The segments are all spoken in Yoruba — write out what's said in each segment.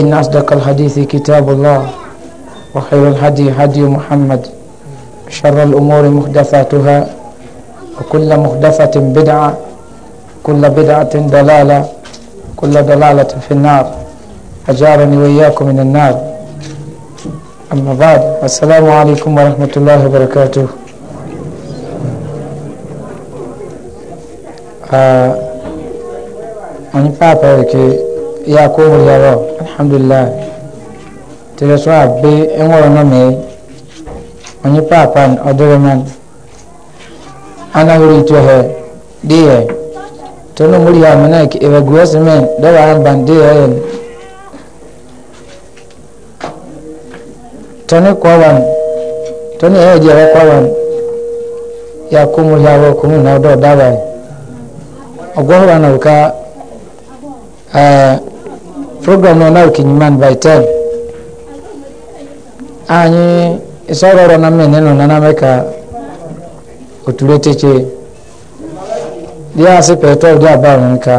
إن أصدق الحديث كتاب الله وخير الهدي هدي محمد شر الأمور محدثاتها وكل محدثة بدعة كل بدعة دلالة كل دلالة في النار أجارني وإياكم من النار أما بعد السلام عليكم ورحمة الله وبركاته آه، أني بابا يا كوم يا رب alhamdulillah tere so abe enwere no me onye papa n odere man ana hori to he die to no muri ha mana ki ewe guwese men do wa an ban die he to ne kwa wan to ne he je kwa wan ya kumu ya wa kumu na program na na ukinyimani by time anyi isororo na meneno na nameka otuleteche dia se peto dia ba nka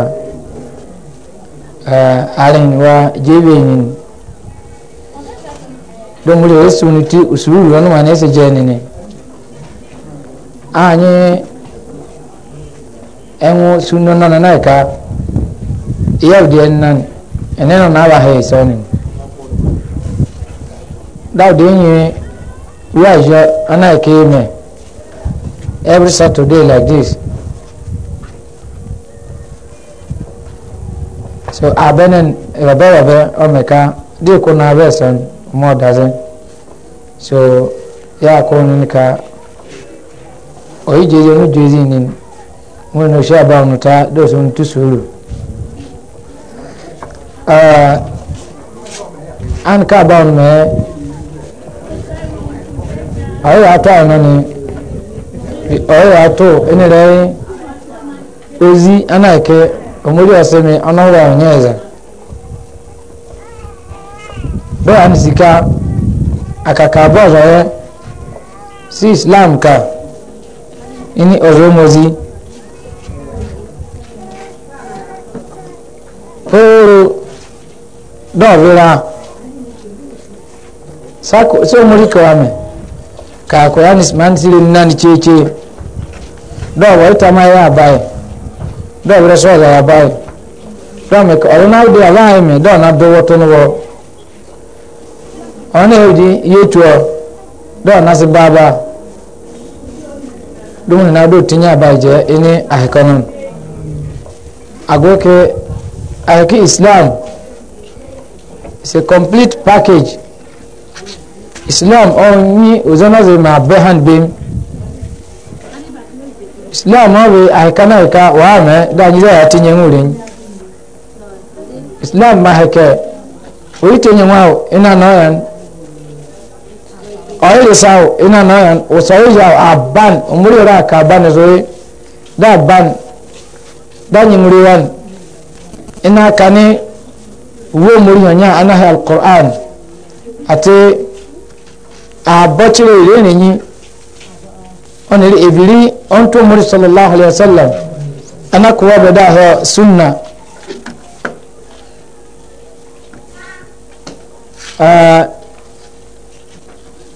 eh uh, alin wa jibenin domule esuniti usuru wanu manese jenene anyi enwo sunno na na ka iya udien nan eneno na aba he isoni dawde enyi wiajo ana ekeme every saturday like this so abenen rabe rabe omeka di ko na abe son mo dazen so ya ko nika oyi jeje nu jezi ni mo no sha ba nuta do so ntu suru Uh, an ka ba mu me ayo ata no ni ayo ato ene re ozi anake omori oseme onora onyeza do an sika akaka bo re si islam ka ini oro mozi oro dɔɔbira sako so muri kawame ka kurani man siri nani cece dɔɔbɔ ita ma ya bai dɔɔbira so da ya bai dɔɔme ka de ala ayi mi Dọọ na do wɔto no wɔ ɔne dọọ na si baaba dumuni na do tinya jɛ islam. it's a complete package islam ọ̀nyi ozonaze ma bẹ́ hand bẹ́ẹ̀ islam ọ̀wẹ̀ àìkánná ìka wàá mẹ́ dáadé yàrá ti yẹn ń rìn islam ma hẹ̀kẹ́ orí ti yẹn wá iná náà yẹn ọ̀yẹ́ lè sáwò iná náà yẹn òsòwò yà àbán òmùrí rà kà àbán ìsòwò dáàbán dáàyìn rí wọn iná kan ní wo muri yanya anahi alquran ate abotire irene nyi onere ebiri onto muri sallallahu alaihi wasallam anakuwa bada ha sunna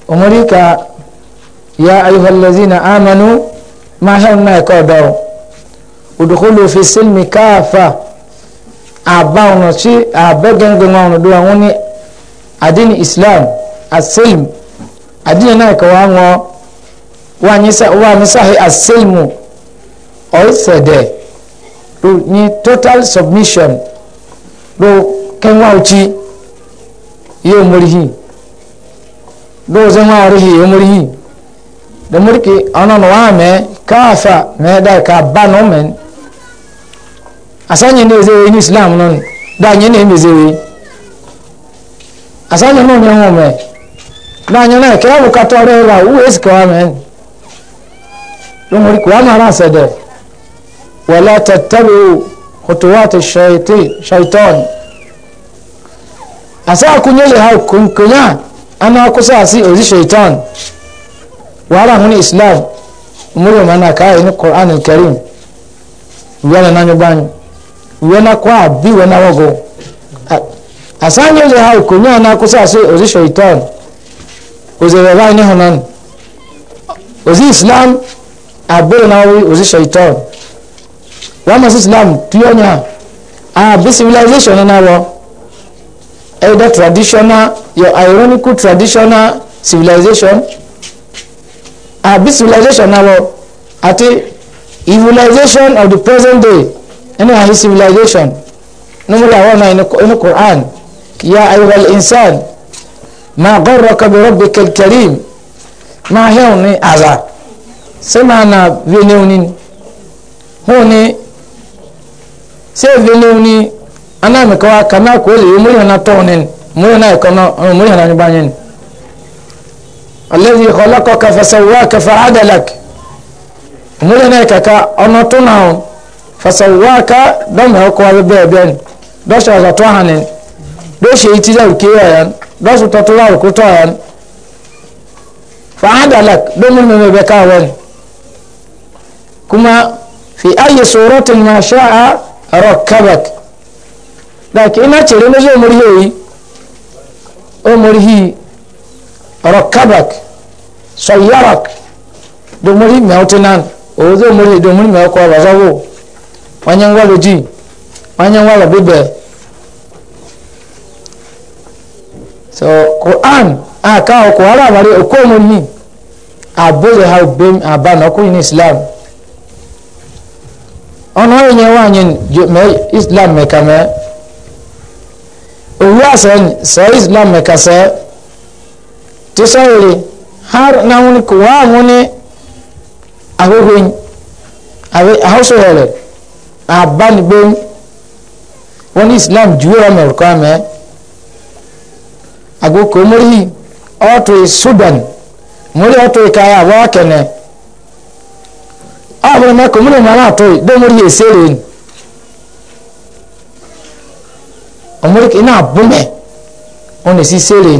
umurika ah, ya ayyuhallazina amanu ma hanna yakadaw udkhulu fi silmi kafa aba ono ci abe gangan ma ono duwa wani adini islam aselim adini na ka wa ngo wa ni sa wa ni sa hi asilmu o ni total submission do kan wa uci yo murhi do zama rihi yo murhi da murki ana no wa me kafa me da ka ba no men asanye ne ezewe ni islam non da nye ne mezewe asanye no ne ho me da nye na ke awu katore ra u esko amen lo mori ku ama ra sede wala tattabu khutuwat ash-shaytan shaytan asa kunyele ha kunkunya ana kusa si ozi shaytan wala hun islam umuri mana kai ni qur'an al-karim yana nanyo banyo wena kwa bi wena wogo asanye ze ha okonya na kusa se ozi shaitan ozi baba ni honan ozi islam abe na wi ozi shaitan wa mas islam tuyonya ah bi civilization na wo either traditional your ironical traditional civilization ah bi civilization na wo ati civilization of the present day إنه هي civilization نملا هنا إن القرآن يا أيها الإنسان ما غرك بربك الكريم ما هوني أذى سمعنا بنيونين هوني سيفينيوني أنا مكوا كنا كل يوم يهنا تونين مرينا يكنا مرينا نبانين الذي خلقك فسواك فعدلك مرينا كا أنا تناون fasawaka don mai hako wani bai bai don shi azato hannun don shi yi tijar kewa yan don su tattura da kuta yan fa'adalak don mun mai bai kawon kuma fi ayi suratin ma sha'a rokkabak da ke ina cire na zai murhiyoyi o murhi rokkabak sayyarak domin mai hautunan o zai murhi domin mai hako ba zago wanyan wala ji wanyan wala bibe so quran a ka ko ara mare ko mo ni abole ha bem aba na ko ni islam ono yen wa yen me islam me ka me owu asen se islam me ka se ti so ri har na woni ko wa woni ahohin ahoso yele abaligbem wọn ní islam juwera mẹ ọkọ amẹ agbóko mori ọtọ sudan mori ọtọ ìkaya àwọn akẹnẹ ọbẹrẹ mẹkọ mori mọ aláàtọ dé mori èsèrè ni ọmọdé kìí náà bùnmẹ wọn èsì sèrè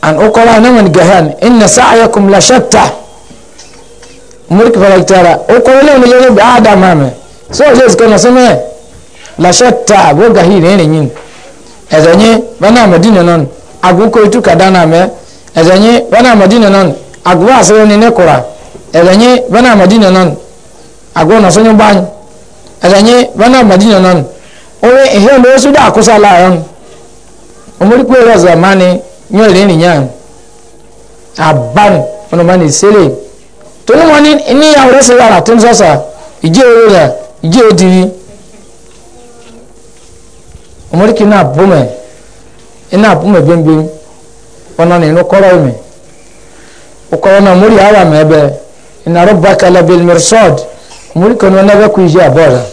and ọkọ wa náà wọn gàhán ẹnna sáà yẹ kùmùlà ṣẹta muri kifaraktara ukolele ni yeye bi adam ame so je sikona seme la shatta bo gahi ne ne nyin ezanye bana madina non agu ko itu kadana me ezanye bana madina non agu asere ni ne kora ezanye bana madina non agu na sonyo ban ezanye bana madina non owe ehe ndo su da kusa la yon omuri ko zamani nyole ni nyan aban ono mani sele tòun wọn ní níyàwó rẹ̀ sì wà látún sọ̀sà ìjẹ́ owó rẹ̀ ìjẹ́ òdìrí ọmọdékì náà bùmẹ̀ iná bùmẹ̀ bẹ́ẹ̀bẹ́ẹ́ ọ̀nà nínú kọ́rọ̀ mi ọkọ̀rọ̀ náà mórí ara mi ẹbẹ̀ iná rọ́bà kalabel mersod náà kú ìjẹ́ àbọ̀ rẹ̀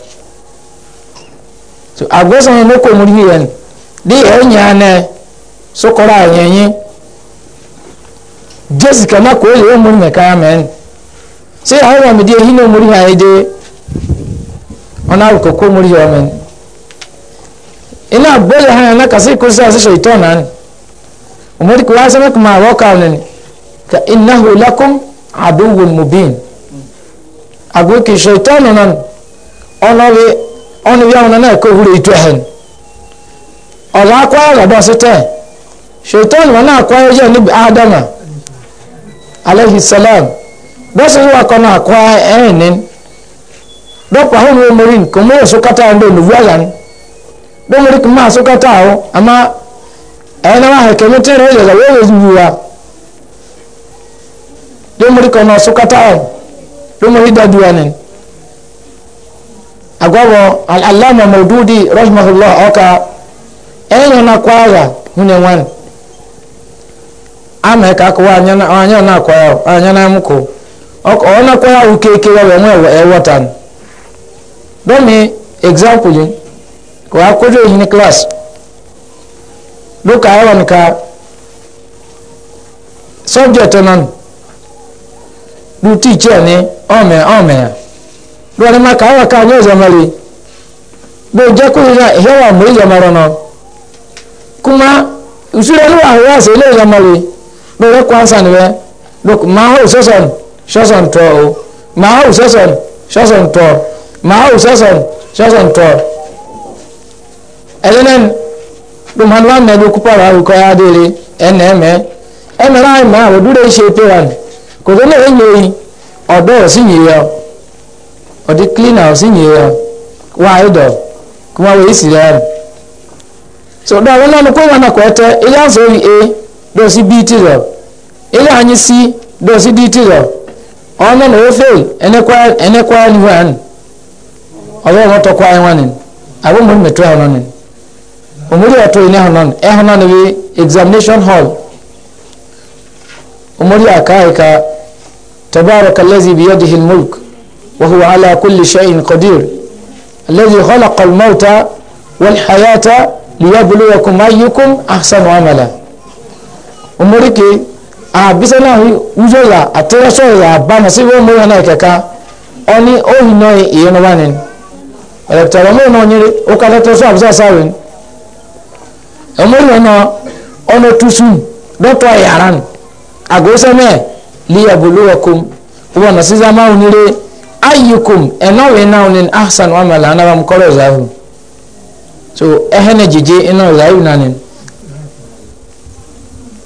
yẹn yẹn ẹ̀yìn àná àyẹ̀yìn kò yẹ sai hawa mu dai hino muri ha ide ona ko ko muri yo men ina bole ha na ka sai ko sai sai shaytan an umuri ko asa na kuma wa ka ne ka innahu lakum aduwwun mubin agwe ke shaytan nan ona le ona ya ona na ko hure ito hen ola kwa ra do sete shaytan wa na kwa ye ni adama alayhi salam dɔsi wa kɔnɔ akɔa ɛnɛn dɔkpa hɔn wo mori nkɔmɔ yɛ so kata ndo nuvu ayan dɔmori kuma aso kata awo ama ɛyɛ na wa hɛ kɛmɛ tɛ ɛyɛ yɛlɛ wɔyɛ nuvu wa dɔmori kɔnɔ aso kata awo dɔmori dadu wa nɛn agɔbɔ alama mɔdudi rahmahulah ɔka ɛyɛ na kɔ aya hunɛ wani ama ɛka kɔ wa anya na akɔ ya anya na ɛmu kɔ. ona kwa ukeke wa wemwe ewatan domi example kwa kujo hini class duka hawa nika subject nan du teacher ni ome ome duwa ni maka hawa ka nyoza mali bo jaku ina hewa mwija marono kuma usura ni wa hewa se ile ya mali duwa kwanza niwe duk maho sosan sọ́sàn tọ́ o màá hù sọ́sàn sọ́sàn tọ́ màá hù sọ́sàn sọ́sàn tọ́ ẹ̀yìn náà dùn hàn wà mẹ́lú kúpọ̀ ya délé ẹ̀nà ẹ̀mẹ́ ẹ̀mẹ́ láì ma àwọn dúró ṣe pe wan, ní kò tó lè yẹ yìí ọ̀dọ́ ọ̀sìn yìí yọ ọ̀dí clean ọ̀sìn yìí yọ wà á dọ̀ kó má wòye sì rẹ̀ sọ̀dọ̀ àwọn náà kó wọn kọ́ ẹ̀tẹ́ ilé àṣọ yìí a dọ̀ sí bt rọ̀ ilé àyìn c dọ̀ ọ̀nà na ofe ẹni kwaya ni wọn ọbẹ wọn tọ kwaya wọn ni abọ mu mẹtọ ẹhọn ni omori ọtọ yìí n'ẹhọn ni ẹhọn ni bi examination hall omori akaayika tabaaraka lezi bi yadihi mulk وهو على كل شيء قدير الذي خلق الموت والحياة ليبلوكم أيكم أحسن عملا أمريكي abisa ah, na uzo ya atira so ya ba na si wo mo na keka oni ohi no ye eh, no wanin electoral mo no nyiri o ka leto so abisa sawen o eh, mo no no ono tusun doctor yaran ago ah, se me li yabluwakum wa na siza ma unire ayyukum eno we na unin ahsan wa mala na ba mkoro zahu so ehene jije eno zahu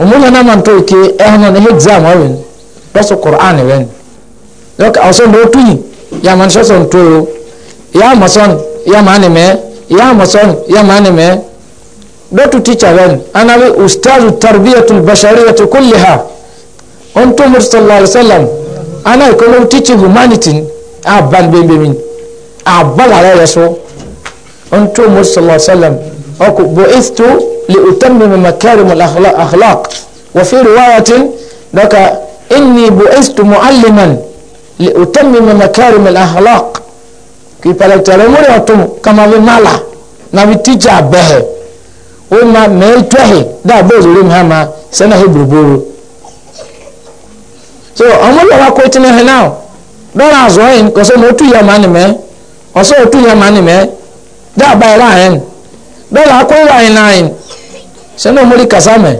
omunya na man to ke ehno ne exam awen daso qur'an wen lok aso do tuyi ya man so son to ya mason ya mane me ya mason ya mane me do tu teacher wen ana we ustaz tarbiyatul bashariyah kullaha onto mur sallallahu alaihi wasallam ana ko lo teach humanity a ban be be min a bala ya so onto mur sallallahu alaihi wasallam o ko bo istu لأتمم مكارم الأخلاق وفي رواية لك إني بعثت معلما لأتمم مكارم الأخلاق كي بالتلمون يوتم كما في بمالا نبي تيجا به وما ميتوه دا بوزو ريم هما سنة هبرو so ọmọ لا wá kó tí ní hẹnà dọ́là àzọ yìí kọsọ́ ní otu yẹn máa ní mẹ́ ọ̀sọ́ otu yẹn máa sɛnɛ omori kasa mɛ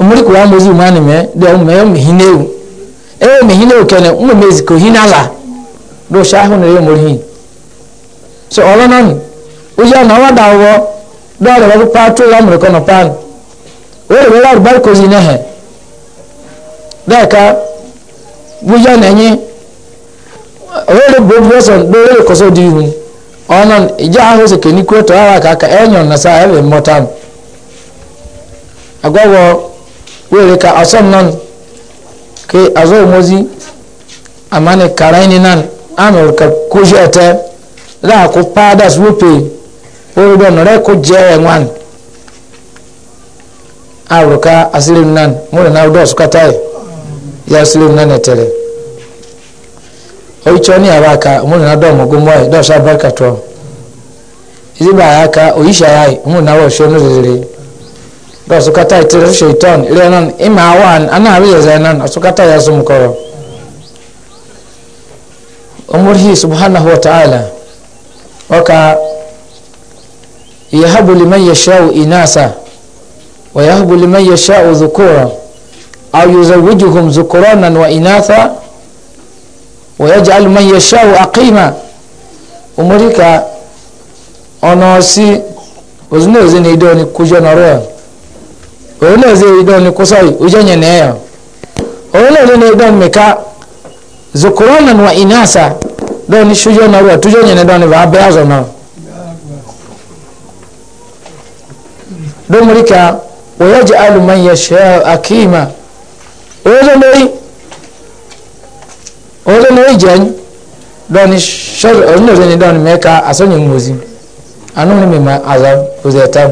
omori kura mozi mu ani mɛ de ɔmu mɛ ɔmu hin ewu ewu mi hin ewu kɛnɛ ɔmu mɛ ko hin ala do sahu na ewu omori hin so ɔlɔ nani oyi ana wa da awɔ do ɔlɔ wɛbi paatu ya mure kɔnɔ paanu oyi wɛbi ari bari kozi ne hɛ dɛ e ka wuya na enyi oyi wɛbi e do oyi wɛbi kɔsɔ di ihu. onon ija hose keni kweto awa kaka enyon na sa ebe motan agogo wele ka asom non ke azo mozi amane karaini nan amor ka kujete la ko padas wupe o do no re ko je enwan awruka asilim nan mo na do sukatai ya asilim nan etere oicho ni abaka umuntu na domo gumwe dosha baka to iziba yaka oisha yai umuntu na wosho nuzire dosu sukata itire shaitan lenon ima wan ana abiye zanan asukata yasu mukoro umurhi subhanahu wa ta'ala waka yahabu liman yashau inasa wa yahabu ويهب لمن dhukura au yuzawijuhum dhukuranan wa inatha wayaj'al man yashau aqima umurika onosi ozineze ni idoni kujonoroya ozineze idoni kusoi ujenye neyo ozineze ni idoni mika zukuranan wa inasa doni shujonoruwa tujonye ne doni vabeazo no domurika wayaj'al man yashau aqima ozineze ọ̀rẹ́ ní ìjẹ́ dọ́ni ṣọ́ọ̀rọ̀ ọ̀rẹ́ ní ìjẹ́ dọ́ni mẹ́ka asọ́nyẹ̀ ńwòsí anúni mímọ́ àzá òzè ẹ̀ta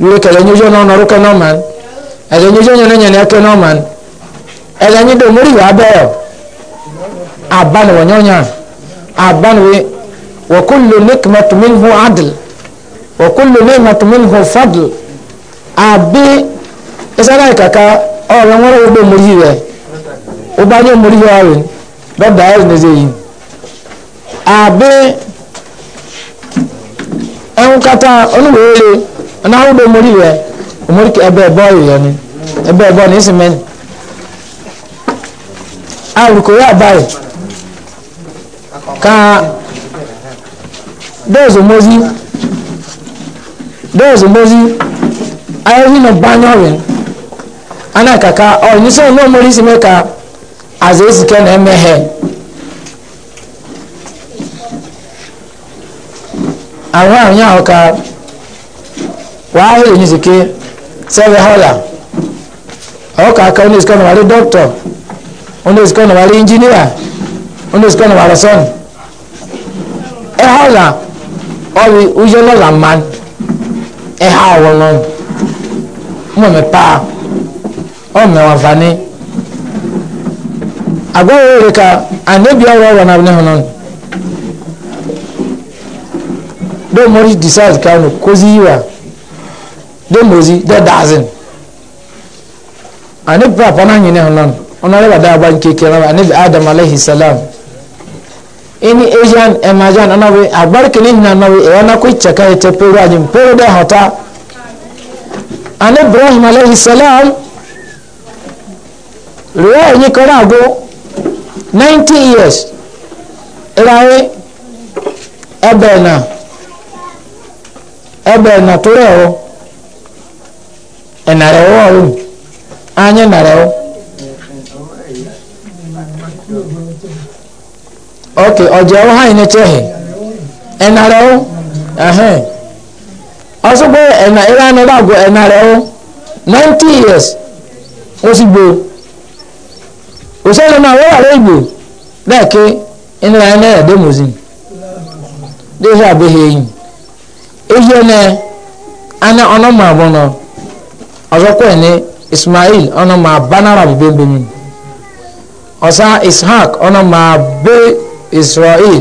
lórí kẹlẹ̀ ní ojú ọ̀nà ọ̀rọ̀kẹ́ náà man ẹ̀jẹ̀ ní ojú ọ̀nà ẹ̀yẹ̀ ẹ̀kẹ́ náà man ẹ̀jẹ̀ ní dò mórí ìwà bẹ́ẹ̀ abánuwọ̀ nyọ́nyà abánuwẹ̀ wọ́kúlù nìkmẹ́tùmínú adìl wọ́kúlù nìkmẹ́tùmínú fadl àbí ẹsẹ̀ náà kàkà ọ̀rẹ́ wọn rẹ̀ wọ́n bẹ́ẹ̀ mórí rẹ̀ ó bá yẹ mórí rẹ̀ dɔda ayɛ ne sɛ yi abe ɛnkata ɔno wɛrɛ ɔno ahodoɔ omori yɛ omori kɛ ɛbɛ ɛbɔ yɛ ni ɛbɛ ɛbɔ ne esi mɛni alukoro abayi ka dɔɔso mozi dɔɔso mozi ayɛ yi na ba nyɔri ana kaka ɔ nisɛn n'omori si mɛ ka azụ esike na-emeghe ahụ ahụ ya ahụ ka wàá hìrì ní sike sẹ́wẹ̀ họ́là ọkọ̀ aka onye esike ọ̀nà wàrí dọ́kítọ̀ onye esike ọ̀nà wàrí injiniya onye esike ọ̀nà wàrí sọ́ọ̀nù ẹ họ́là ọ̀rì ujẹ́ lọ́la mmanụ ẹ ha agwawere ka anabi ọrụ ọrụ na-abụ n'ihu n'ọnụ don mori decide ka ọnụ kozi yiwa don mozi don ane anabi papa na anyị n'ihu n'ọnụ ọnụ ọrịa da agba nke kere anabi adam alaihi salam ini asian emajan anabi agbarikini na anabi ewa na kwa ichaka ete pere anyị mpere dị họta anabi ibrahim alaihi salam rịọ onye kọrọ agwọ ninety years ìràwé ẹbẹ̀ náà ẹbẹ̀ náà tó rẹ̀ ọ́ ẹ̀nà rẹ̀ wọ́ ọ̀rùn ányẹ́ nà rẹ̀ ọ́ ok ọ̀jẹ̀ ọ̀hún hàn ní tẹ́hẹ̀ ẹ̀nà rẹ̀ ọ́ ẹ̀hẹ́n pé ẹ̀nà ìrànlọ́gbọ̀ ẹ̀nà rẹ̀ ọ́ ninety years ó sì gbòó òṣèlú náà wọ́n wà lóyìnbó lẹ́ẹ̀kí ńlá ẹ̀ náà dẹ́mọ̀sìn dẹ́sí àbẹ́hẹ́ yìí èyí ẹ̀nẹ́ ana ọ̀nàmọ̀ àbọ̀nà ọ̀zọ́kọ̀ ẹ̀ní ismail ọ̀nàmọ̀ abánára bíbélbẹ̀mí ọ̀sá ishaq ọ̀nàmọ̀ abẹ́ israel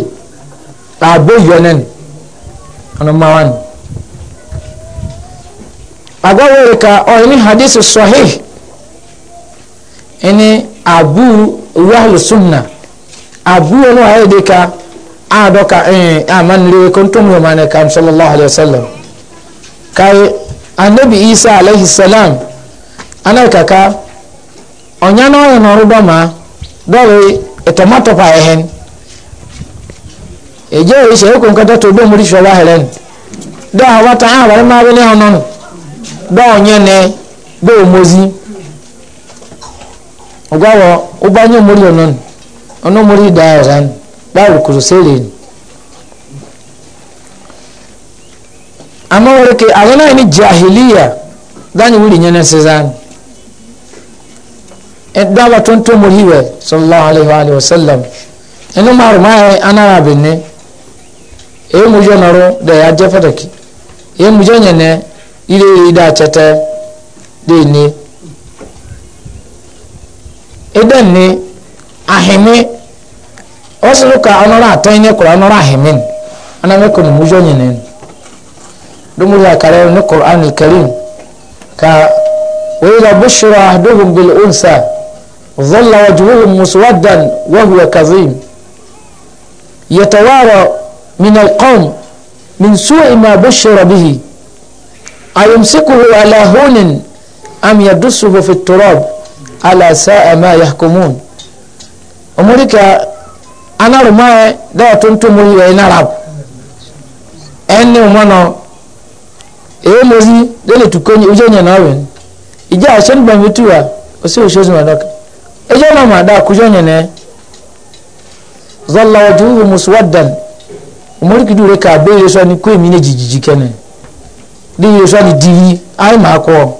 abẹ́ yọ̀nẹ́ni ọ̀nàmọ̀ wani. agbawo ẹ̀ka ọ̀ ẹni hadith sahih ẹni abu wahlu sunna abu wani wa yadda ka a doka eh aman le kuntum wa man kam sallallahu alaihi sallam, kai anabi isa alaihi salam ana kaka onya no ya no rudo ma dole etomato pa ehen eje o ise ko nkan to do muri shola helen do wa ta ha bare ma bele hono do onye ne do mozi ogwawo ugbanye muri onon ono muri da ran da ukuru sele amma wurke azana ni jahiliya dani wuli nyana sezan edda wa tonto muriwe sallallahu alaihi wa alihi wasallam eno maru mai e, anara binne e mu jonaro da ya jefata ki e mu jonyane ile ida chata de ne إذن ني أهمي وسلوكا أنا لا تيني كل أنا لا أهمي أنا ما كنت مجنين نين دمولا كلام انا الكريم كا وإذا بشر أحدهم بالأنثى ظل وجههم مسودا وهو كظيم يتوارى من القوم من سوء ما بشر به أيمسكه على هون أم يدسه في التراب ala sa'a ma yahkumun umurika anar mae da tuntu muri wa inarab enni umono e mozi e dele tukonye ujenye nawe ija ashen bamitua osi ushozi madaka ejo na mada kujonye ne zalla wajuhu muswaddan umuriki dure ka be yeso ni ko mi ne jijiji kene di yeso ni divi ai ma ko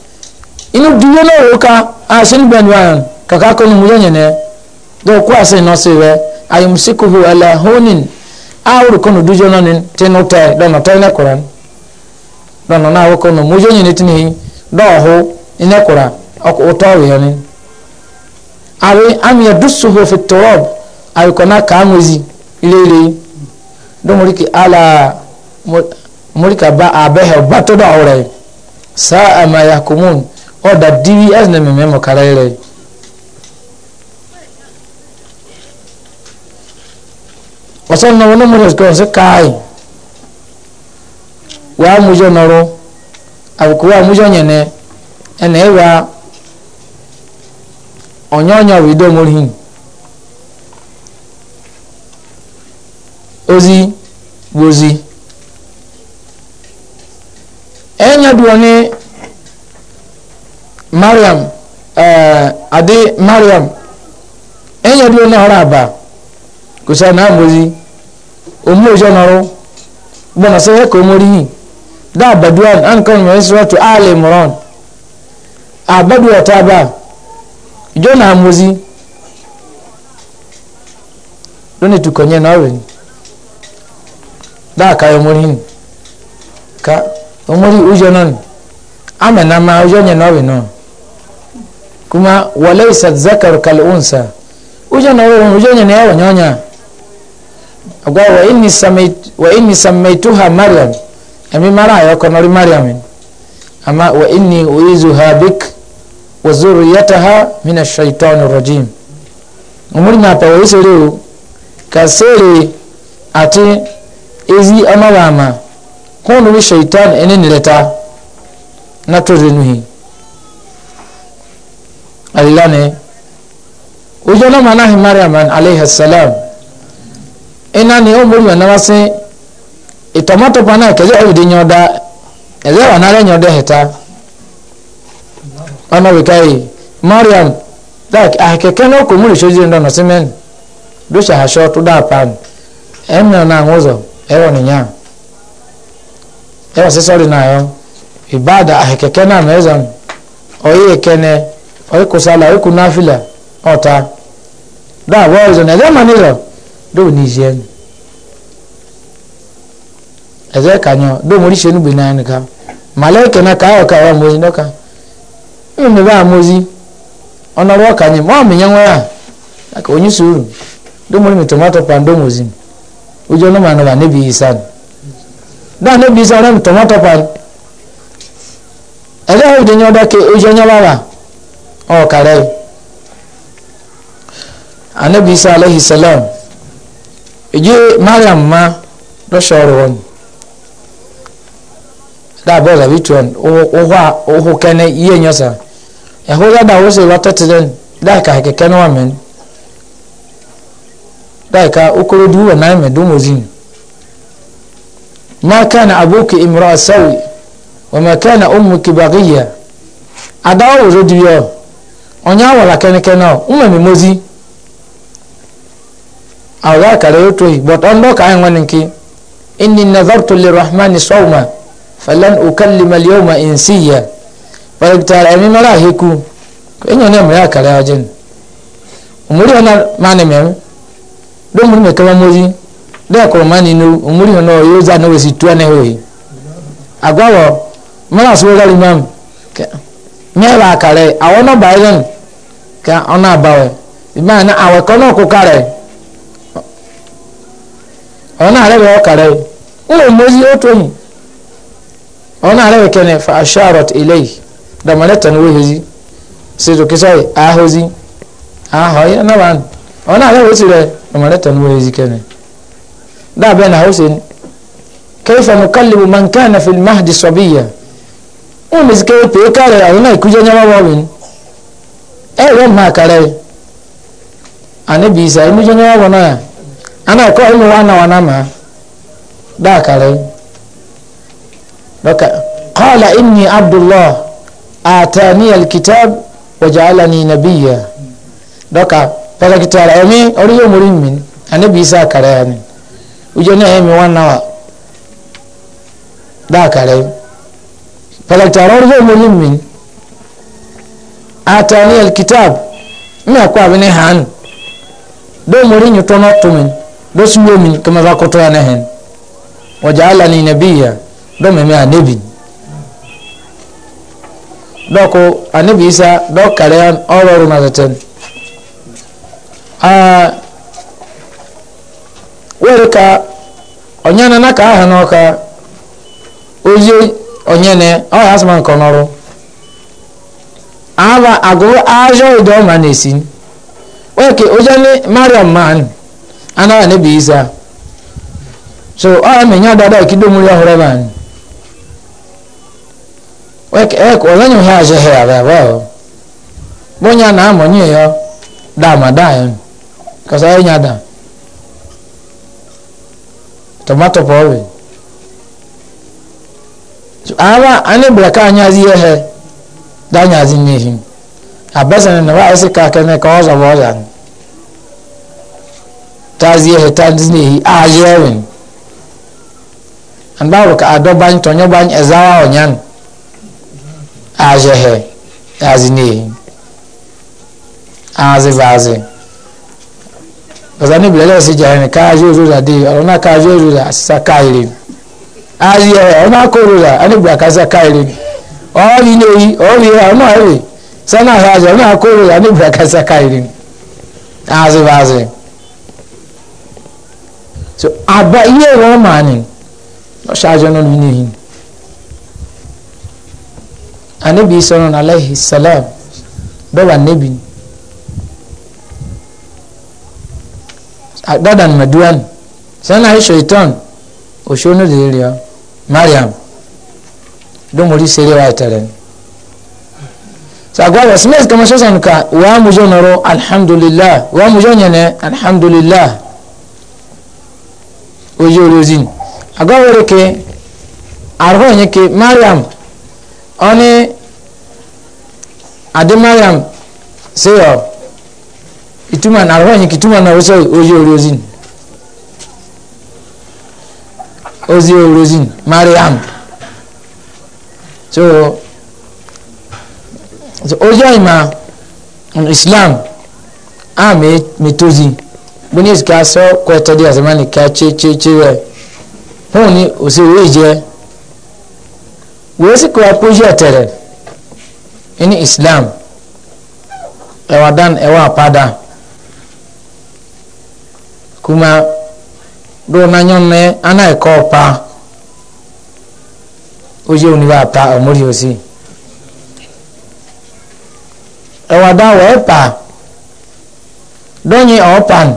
inu duwe na oka asin benwan kaka ko mu na ne do ku asin no se si ayumsikuhu ala hunin awru ko no dujo nonin tinute do no tayna quran do no na ko no mu yenye ne tinhi do ho ine quran ako otawe yani awi am fi turab ay kona ka amwezi ile ile do muriki ala murika ba abehe ba to do sa'a ma ọda diri ɛsɛ na mmemme mu kara yɛrɛ ɔsɛn na wɔn mu yɛ sikɛrɛ ɔsɛ kaayi waa mu yɛ nɔrɔ akokoɔ a mu yɛ nyɛnɛ ɛna ɛwa ɔnyɔnyɔ wi dɛ mo hin ozi wozi ɛnyɛ do mariam ɛɛ eh, ade mariam ɛnyɛ duro na ɔrɔ aba kò sɛ ɔnà àmòzi òmu òjò nɔrò bɔnà sɛ ɛkò omori yi dá abaduan anka ɔnà ɛsɛ ɔtò ali mɔrɔn abadu ɔtá aba ìjọ na àmòzi lónìí tukɔnyɛ nɔrò dá aka omori yi ka omori òjò nɔni amɛnama òjò nyɛ nɔrò nɔni. kuma walaisa zakar kal unsa uja na wewe uja na wewe nyonya agwa wa inni samait wa inni samaituha maryam ami mara ya kwa ri maryam ama wa inni uizuha bik wa zurriyataha min ash-shaytanir rajim umuri na pa wese leo kasere ati ezi amawama kono ri shaytan enenileta na alilani ojú ọlọ́mọ aláhi mariam aleyhisselam iná ni ó múlò mariam like àkẹ́kẹ́ náà kò múlò ìṣojú ìdọ̀nà sí mẹ́rin ló ṣe àṣọ tó dáa pan ẹ̀mí ọ̀nà na ọ̀zọ̀ ẹ̀rọ nìyà ẹ̀rọ sísọ́rì náà oyi ko sala oyi ko nafila ọta do awọ ọzọ na ẹzẹ ma ni rọ do ni iṣẹ ni ẹzẹ kanyọ do mo ríṣẹ nígbè náà nìkan màlẹ́kẹ̀ náà káyọ̀ káyọ̀ àmọ́sí dọ́ka ìmì bá àmọ́sí ọ̀nà ọ̀rọ̀ kanyẹ mọ́ àmì yẹn wọ́n yà láka onye sùúrù do mo mi tomato pan do mo zi mi ojú ọ̀nà màá nọ̀bà níbi ìsàn dáa níbi ìsàn rẹ̀ mi tomato pan ẹ̀rẹ́ ọ̀dẹ̀ yẹn ọ̀dọ́ ọ kàrẹ́ anabi isa alayhi salam ìjẹ́ mariam ma lọ́sọ̀rọ̀ wọn dábọ̀ rabi tuwon ohu kẹ́ni iye nyọ́sà ẹ̀hó yàda ó sì lọ́tọ́ ti dẹ́n dáìka kẹ̀kẹ́ ní wàmẹ́ dáìka okoro dúró wà náà mẹ́ dúmọ̀zín ma kana abuki imra sawi wa ma kana ummuki baghiya adawo zo diyo onye awara kenekene ọ ụmụ ememozi ahụ akara otu oyi but ọnụ ka anyị nwere nke inni nazartu lirahmani sawma falan ukallima alyawma insiya walibtara emi mara heku enyo ne mara akara ajin umuri ona mani mem do muri me kama mozi de ko mani no umuri ona yo za no wesi tuane hoyi agwawo mara so ga limam nyɛɛba akarɛ awɔ no baayɛn ka ɔno abawɛ imaa na awɛ kɔ no ɔkɔ karɛ ɔno arɛ bɛ ɔkarɛ ɔno mozi ɔtɔ mu ɔno arɛ bɛ kɛnɛ fa asharot ilai dɔmɔlɛ tɛn wo hezi seto kisɛ ahozi ahɔ yɛ na ban ɔno bɛ dɔmɔlɛ tɛn wo hezi kɛnɛ daa bɛ na hosen ome sikere pe kare awina ikuje nyama wawin ere ma kare ane bisa imuje nyama wana ana ko imu wana wana ma da kare doka qala inni abdullah atani alkitab waja'alani nabiyya doka pala kitara emi oriyo murimin ane bisa kare ani uje ne wana wa da kare falaktaarar zo mulim min atani alkitab ina kwa bini han do muri nyuto na tumin do suyo min kama ba koto ya nehen waja'alani nabiyya do meme anabi do ko anabi isa do kalean ororu na zaten a were ka onyana na ka aha na oka ozie onyene ọ ya asụma nke ọnọrụ aba agụrụ ajọ ụdọ ọma na-esi oke ụjọ ni mariam man anaghị anabi isa so ọ ya menye dada ikido mmiri ọhụrụ ebe anyị oke ek ọzọnye ha ajọ ha ya bụ ọ bụnya na amụnye ya daa ma daa ya kasa ya nya da, tomato pọlin awa ani braka anyazi yehe da anyazi nehim abasan na ba ese ka kene ka oza boza tazi yehe tazi nehi ajewen an ba ka ado ban tonyo ban ezawa onyan ajehe azi nehi azi vazi bazani bilele si jahene ka ajezu da di ona ka ajezu da sa kairi ayẹ ọmọ akórira anigba kasa kairi ọrí ilé yìí ọrí ọmọ ẹrẹ sanni ahazẹ ọmọ akórira anigba kasa kairi azibazib so aba iye wọn maa ni ọṣáájú náà ní nìyí anabi sọrọ náà aláìhí sàlám bẹwà níbi dáadáa ní maduwa ni sanni ahí ṣe ìtàn òṣèlú lè rí ọ mariam don muri sere wa tare sagwa wa smith kama so san wa mu noro alhamdulillah wa mu nyene alhamdulillah o jo lozin agwa wore ke arho nye ke mariam oni ade mariam seyo ituma na arho nye kituma na o so o ozi orozin mariam so so ozi ọ̀yìnmá islam a metozi bí ní ìsìká sọ kọ ẹtọ di àsèmá nìka chéchéché rẹ fún ní òsè wíì jẹ wíì sì kọ apójú ọtẹrẹ ní islam ẹwà dan ẹwà àpáda kuma do na nyɔnne ana ekɔ pa oye oni ba e pa omori osi ɛwà dá wɔ ɛpa dɔnyi ɔpan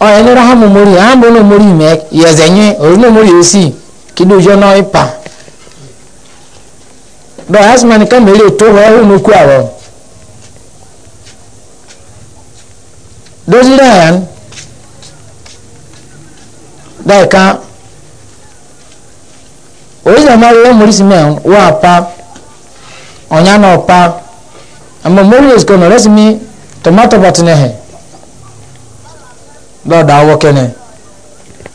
ɔyɛ e nira ha momori ha bo na omori e mɛ yɛzɛnyi ori na omori osi kidi ojo na ɔpa dɔ asumani kama ele to hɔ ɛhu n'oku awɔ dozira yan. daika oyinza mari wo muri simen wa pa onya no pa amma muri is kono resmi tomato batne he do da wo kene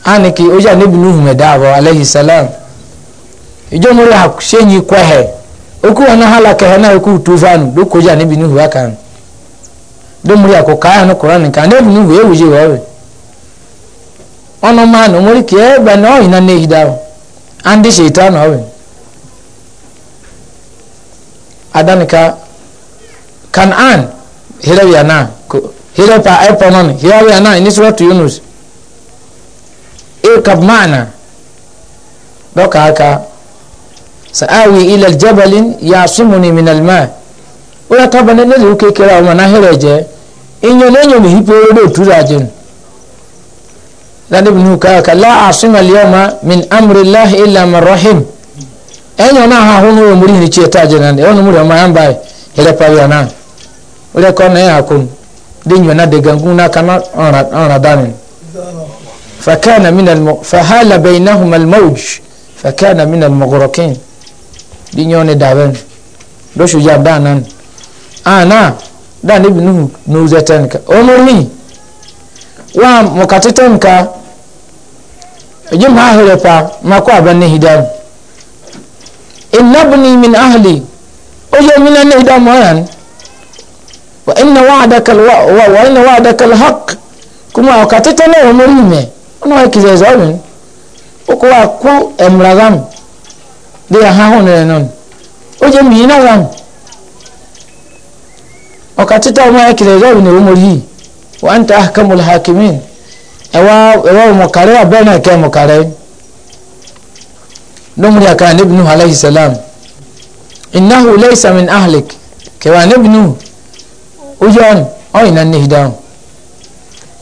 aniki oja ne n'uhu hume da bo alayhi salam ijo muri ha shenyi kwa he oku na halaka he na oku tufanu do koja ne binu huwa kan do muri akokaya no qur'an kan ne binu huwa ewuje wawe ono manu muri ke ba no ina ne hidawo andi shaitan hawe adanika kan'an hiraw yana hiraw pa ay ponon hiraw yana ini surat yunus ikab ma'ana doka haka sa'awi ila aljabalin yasimuni min alma ula tabana ne lu ke kira wa na hiraje inyo ne nyo mi hipe odo turajen lani ibn kaka la asuma liyoma min amri llahi illa man rahim enyo na ha hunu we muri ni cheta jenande onu muri ma yamba ile pali ona ule kona ya kun dinyo na de ganguna kana ona ona danin فكان من الم... فهال بينهما الموج فكان من المغرقين دينيون دابن دوشو جاب دانان انا دان ابنه نوزتنك امرني wa mukatetemka eje ma ahere pa ma ko aban ne hidam innabni min ahli o je min ne hidam wan wa inna wa'daka wa wa inna wa'daka alhaq kuma ka tete ne umuri me ono ki ze zamin o ko aku emragam de ha hono non o je mi na gam o ka tete o ma ki ze zamin umuri wa anta ahkamul hakimin ewa ewa mukare wa bena ke mukare numri aka ibn alayhi salam innahu laysa min ahlik ke wa ibn ujan ayna nihdan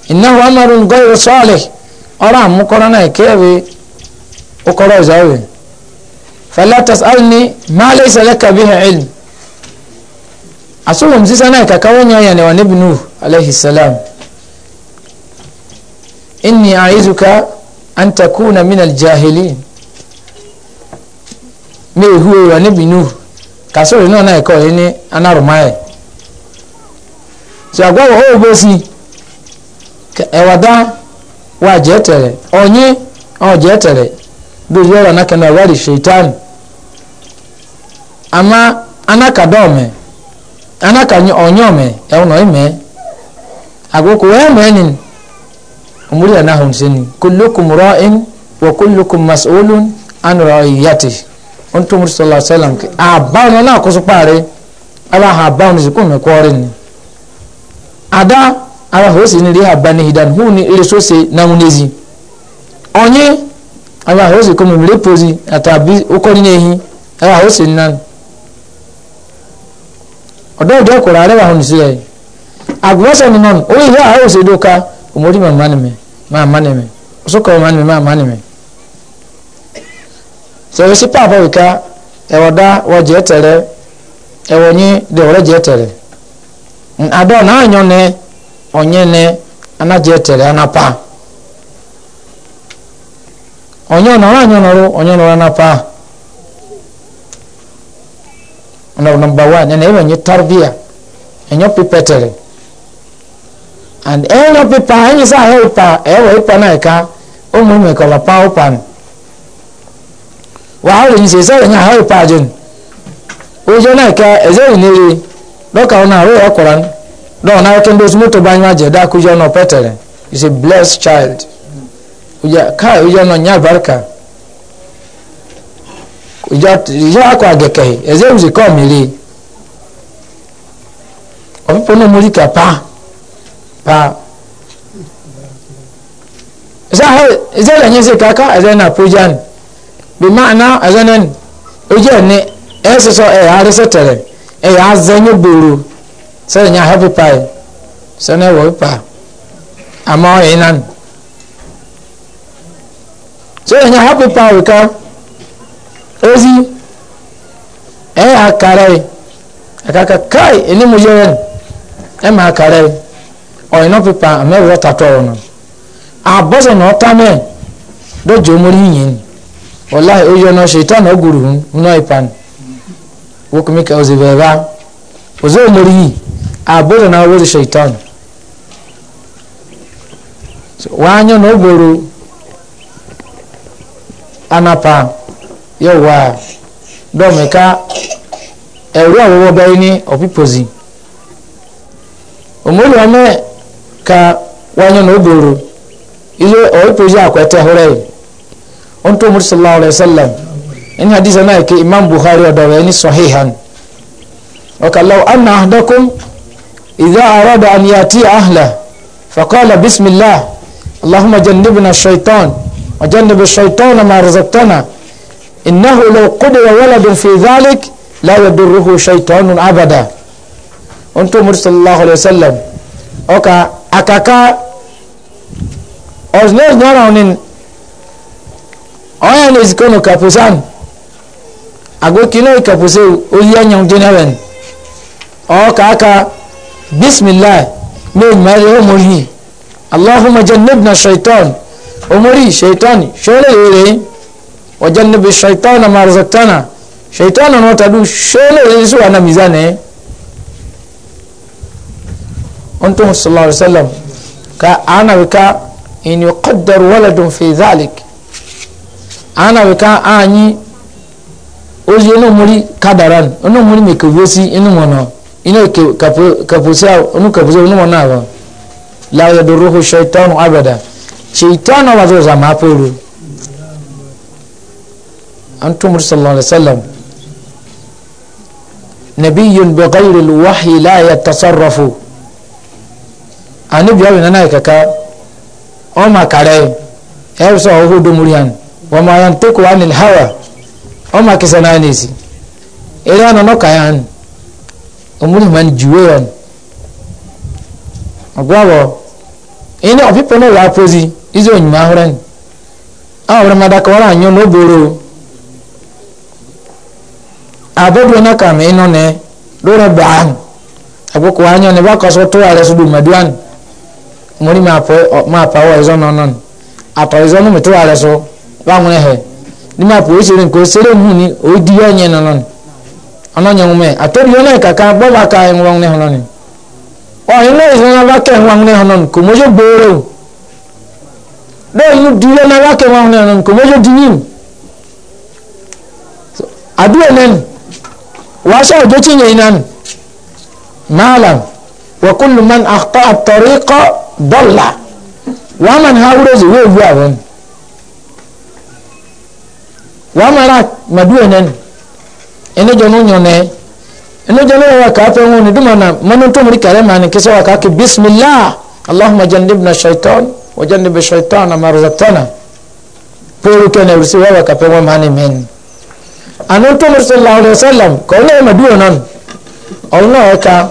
innahu amarun ghayru salih ara mukora na ke we ukoro zawe fala tasalni ma laysa laka bihi ilm asulu mzisa na kakawonya ya ne wa ibn alayhi salam inni aizuka an takuna min aljahilin na ihu ewa ne binu kasori náà náà ẹkọ yìí ní anarumaye so agbawo ó bó sí ẹwàdá wa jẹ tere onye ọ jẹ tẹrẹ gbèsè ọrọ anakẹnu ọwádìí ṣèitán ama anakadọọmẹ anakanyọ ọnyọọmẹ ẹwọn ọyẹmẹ agbókò ẹmẹ ẹnìyàn. umuri ana hun sini kullukum ra'in wa kullukum mas'ulun an ra'iyati on tumur sallallahu alaihi wasallam ke abawon na ko so pare ala ha abawon si ko me ko rin ada ala ho sini ri abani hidan hu ni ile so se na munezi onye ala ho si ko me le pozi atabi o ko ni ehin ala ho sini na odo ojo ko ra re wa hun si e agbọ́sọ̀ nínú ọ̀nà orí ìyá àwọn òṣèlú ká òmòdì màmá ni mi maa ma ne me so kɔrɔ ma ne mi maa ma ne me sɛ o si paapa bi ka ɛwɔ da wɔ gyeɛ tɛrɛ ɛwɔ nyi de wɔrɛ gyeɛ tɛrɛ adɔ naa nyɔ ne ɔnye ne ana gyeɛ tɛrɛ ana pa ɔnyɔ na ɔnyɔ na ɔro ɔnyɔ na ɔro ana pa number wa ɛna ɛwɔ nyi tarbiya ɛnyɛ pipɛ tɛrɛ and ɛyɛlɛ pepa ɛyɛ sɛ ahɛ pepa ɛwɔ pepa náà ɛka ɔmu mi kɔlɔ pa pepa no wàá lè nse sɛ ɛnyɛ ahɛ pepa adi no ɔdze náà ɛka ɛdze yìí n'eyi dɔka ɔna ɔyɛ ɔkora no dɔw náà ɛkɛ ndé moto ba anyi agye dɛ akɔdze ɔna ɔpɛtɛrɛ is a blessed child ɔdze kaa ɔdze ɔna ɔnya abarika ɔdze ɔdze akɔ agɛkɛ ɛdze ɔdze kɔɔ mìíràn ɔpepa náà mo rí kapa pa sahel zela nye se kaka azana pujan bi ma'ana azanan oje ne ese so e ya rese tere e ya zanyo buru se nya happy pie se na pa ama e o inan se nya happy pie ka ozi e akare akaka kai eni mo yeren e ma akare ọ̀yìnà pípa àmẹ́wò tàtọ̀ ọ̀nà àbọ̀sẹ̀ náà támẹ̀ lójó mórí yìnyín ọ̀la oyè ọ̀nà ṣètàn ọ̀gùrù ńnà ìpanu wọ́kùnmíkà ọ̀zẹ̀bẹ̀rẹ̀ ọ̀zẹ̀ mórí yìí àbọ̀sẹ̀ náà wọ́n ṣètàn wàá na ogboro anapa yọ̀wá dọ́ọ̀mẹ̀ká ẹ̀rú àwọ̀wọ̀ bẹ́ẹ̀ ní ọ̀pípọ̀zì òmùlò ọmọ ẹ̀ ka wanya na ogoro iyo oipoji akwete hore on to muhammad sallallahu alaihi wasallam in hadisa na ke imam bukhari odo ni sahihan o ka law anna ahdakum idha arada an yati ahla فقال بسم الله اللهم جنبنا الشيطان وجنب الشيطان ما رزقتنا إنه لو قدر ولد في ذلك لا يضره شيطان أبدا أنتم صلى الله عليه وسلم أوكا akaka osnos nyara onin oya ne zikono kapusan agokino kapuse oyi anyam jenawen o kaka bismillah me mare o mori allahumma jannibna shaitan o mori shaitani shole yere wa jannibi shaitana ma razaqtana shaitana no tadu shole yesu ana mizane أنتم صلى الله عليه وسلم أنا بك إن يقدر ولد في ذلك أنا بك أني ozi inu muri kadaran inu muri mai kabosi inu mana inu kabosi inu kabosi inu mana ba la ya da ruhu shaitanu abada shaitanu ba zai zama furu an tumur sallallahu alaihi wasallam nabiyyun bi ghairi alwahyi la yatasarrafu ani biya wina nai kaka o ma kare e so o hu dumurian wa ma yan teku anil hawa o ma kisa na ni si ere ana no kayan o muri man juwe yan agwawo ina ofi pono la pozi izo nyima horan a wura mada ko ra nyo no boro abodo na kame ino ne lora ba agbo ko anyo ne ba ko so to ara su du maduan mori ma fɔ ma fa wɔ ɛzɔn nɔnɔn atɔ ɛzɔn numu tora lɛ so ba ŋun hɛ ni ma fɔ o sere nko sere mu ni o di yɔ nyɛ nɔnɔn ɔnɔ nyɛ ŋumɛ atori yɔ nɛ e kaka bɔ ba ka ŋun ŋun hɛ nɔnɔn ɔ yi ne ɛzɔn na ba kɛ ŋun ŋun hɛ nɔnɔn ko mojo gbooro dɔw yi di yɔ na ba kɛ ŋun ŋun hɛ nɔnɔn ko mojo di yin aduwa nani waasa o jɔ ti nyɛ yi nani wa kullu man akhta a tariqa dọ́là wọ́n máa ní hawúrẹ́sì wọ́n èwú àwọn ni wọ́n máa ra màdúwẹ̀ nẹ́nu ẹnìjọ́ ní òyìn ọ̀nẹ́ ẹnìjọ́ ní òyìn ọ̀kà fẹ́ wọn ni dùmọ̀ náà mọ́nú tó mìíràn kẹrẹ́ màá ní kí sẹ́wà káàkiri bísímìlá aláhùnmá jẹ́ndébìnà ṣàìtọ́n wọ́n jẹ́ndébì ṣàìtọ́n àmà rọ̀tọ́nà pọ́ọ̀rù kẹ́nẹ̀ rẹ̀ sí wọ́n wà kàfẹ́ wọn màá ní mẹ́ni. àná tó mìíràn sọ̀rọ̀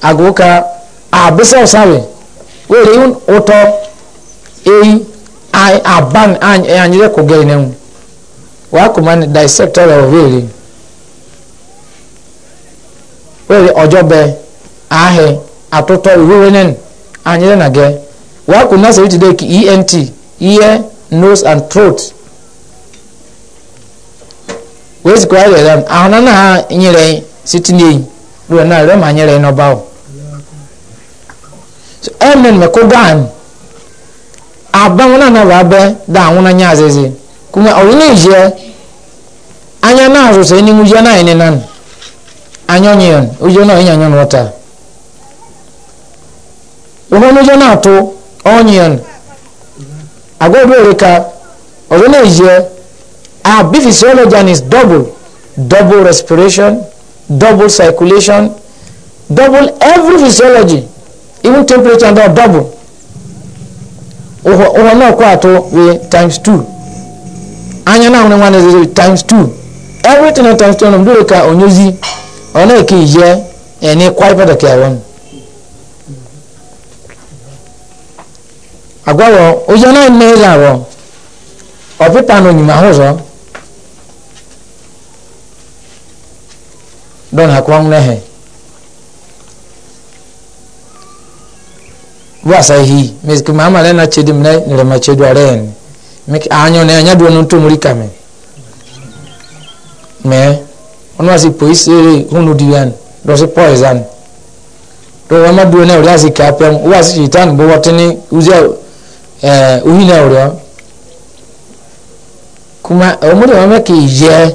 agoka abisa osawe were yun oto eyi aban e, anyere ko gari nan wa kuma ni dissector were were ojobe ahe atoto iwewe nen anyere na ge wa na se ti de ent ihe nose and throat wezi kwa ile dan ahona na ha nyere sitini do na re ma nyere no o so emen me ko gan aba wona na ba be da nya kuma o ni je anya na azu se ni na ni nan anyo na nya nyon wata oho no jo na to onyon ago be reka o na je a bifisiologist double double respiration double circulation double every physiology even temperature and all double ohun náà kó àtọ wẹ times two anya náà wọn ní wọn times two everything na times two ọ̀nà lórí ka onyozi ọ̀nà èké yẹ ẹni kwai pàtàkì àwọn. àgbàwọ̀ ojú náà ní ẹ̀yà wọ̀ ọ̀pípa ní onímọ̀ àhùzọ́. don hakuwan nehe wa sahi mis ki mama lena chedim ne ni rema chedu aren mik anyo ne anya duonu muri kame me onu asi poisi hunu diyan do si poison do wama duone ori asi kapem wa si shitan bo watini uzia eh uhina ori kuma omuri wama ki je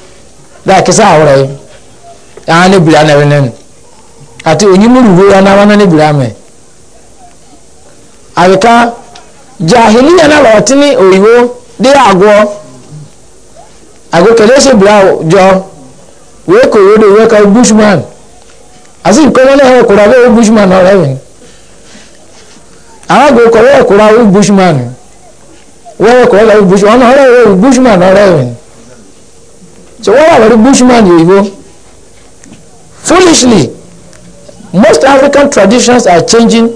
daa kisa ahorɔ yi ya ne bira na ɛbɛnɛ no ati onyimuru ya na wana ne bira jahiliya na lɔɔti ni oyiwo de agorɔ agorɔ se bira jɔ wee ko wo wee ka bushman asi nkɔmɔ ne o bushman ɔrɛ mi àwọn agorɔ kɔrɔ yɛ kura bushman bushman bushman So what about the bushman you go? Foolishly, most African traditions are changing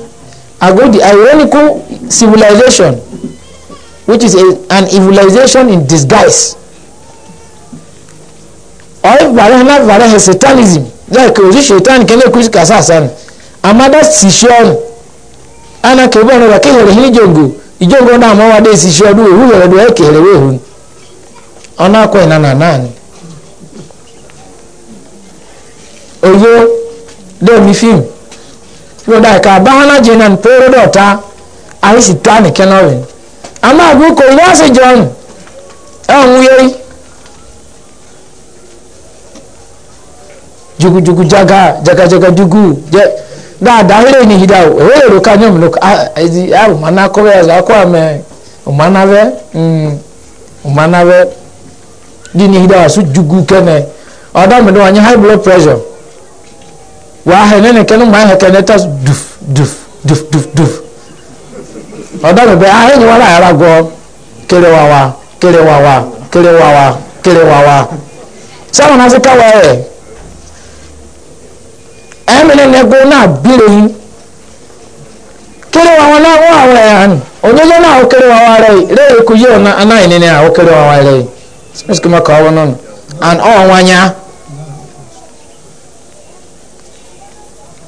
ago the ironical civilization, which is a, an civilization in disguise. Or varana varana satanism, like ozi shaitan kele kuzi kasasan, amada sishon, ana kebono wakehere hili jongo, ijongo na amawade sishon, uwe uwe uwe uwe uwe uwe uwe uwe uwe uwe uwe uwe uwe oyo demi film lọ́dà ìka báhánà jìnnà ní póró dọ̀ta àìsí tó àmì kẹ́nọ́rin àmọ́ àbúkọ ìwá sí john ẹ̀hún wúyẹ́ jugujugu jaga jagajaga jugu jẹ dáadáa eré ni yìí dá o èrè èrò ká ní òmìnira ẹ̀dí àrùmánà kọ́wé ẹ̀zọ́ akọ́ àmì òmánàvẹ́ òmánàvẹ́ dí ni yìí dá o àṣù jugu kẹ́nẹ̀ ọ̀dọ́ mi ni wọ́n ní high blood pressure wàhẹ ní nìkan ní màá hẹkẹ ní ẹtọ dùf dùf dùf dùf dùf ọdọ mi bẹ ahẹ ni wọn là yàrá gọ kéré wàwà kéré wàwà kéré wàwà kéré wàwà sáwọn náà sì káwọ ẹ ẹmi ní nẹgbó náà bírè yín kéré wàwà náà wọn àwọn ẹyà ni onílé náà ó kéré wàwà rẹ yìí lẹ́yìn ikú yìí ọ̀nà anáyìn ní ní àwọn kéré wàwà rẹ yìí sọ́kùnrin kọ́ ọ́ wọn nù and ọ̀ wọn wá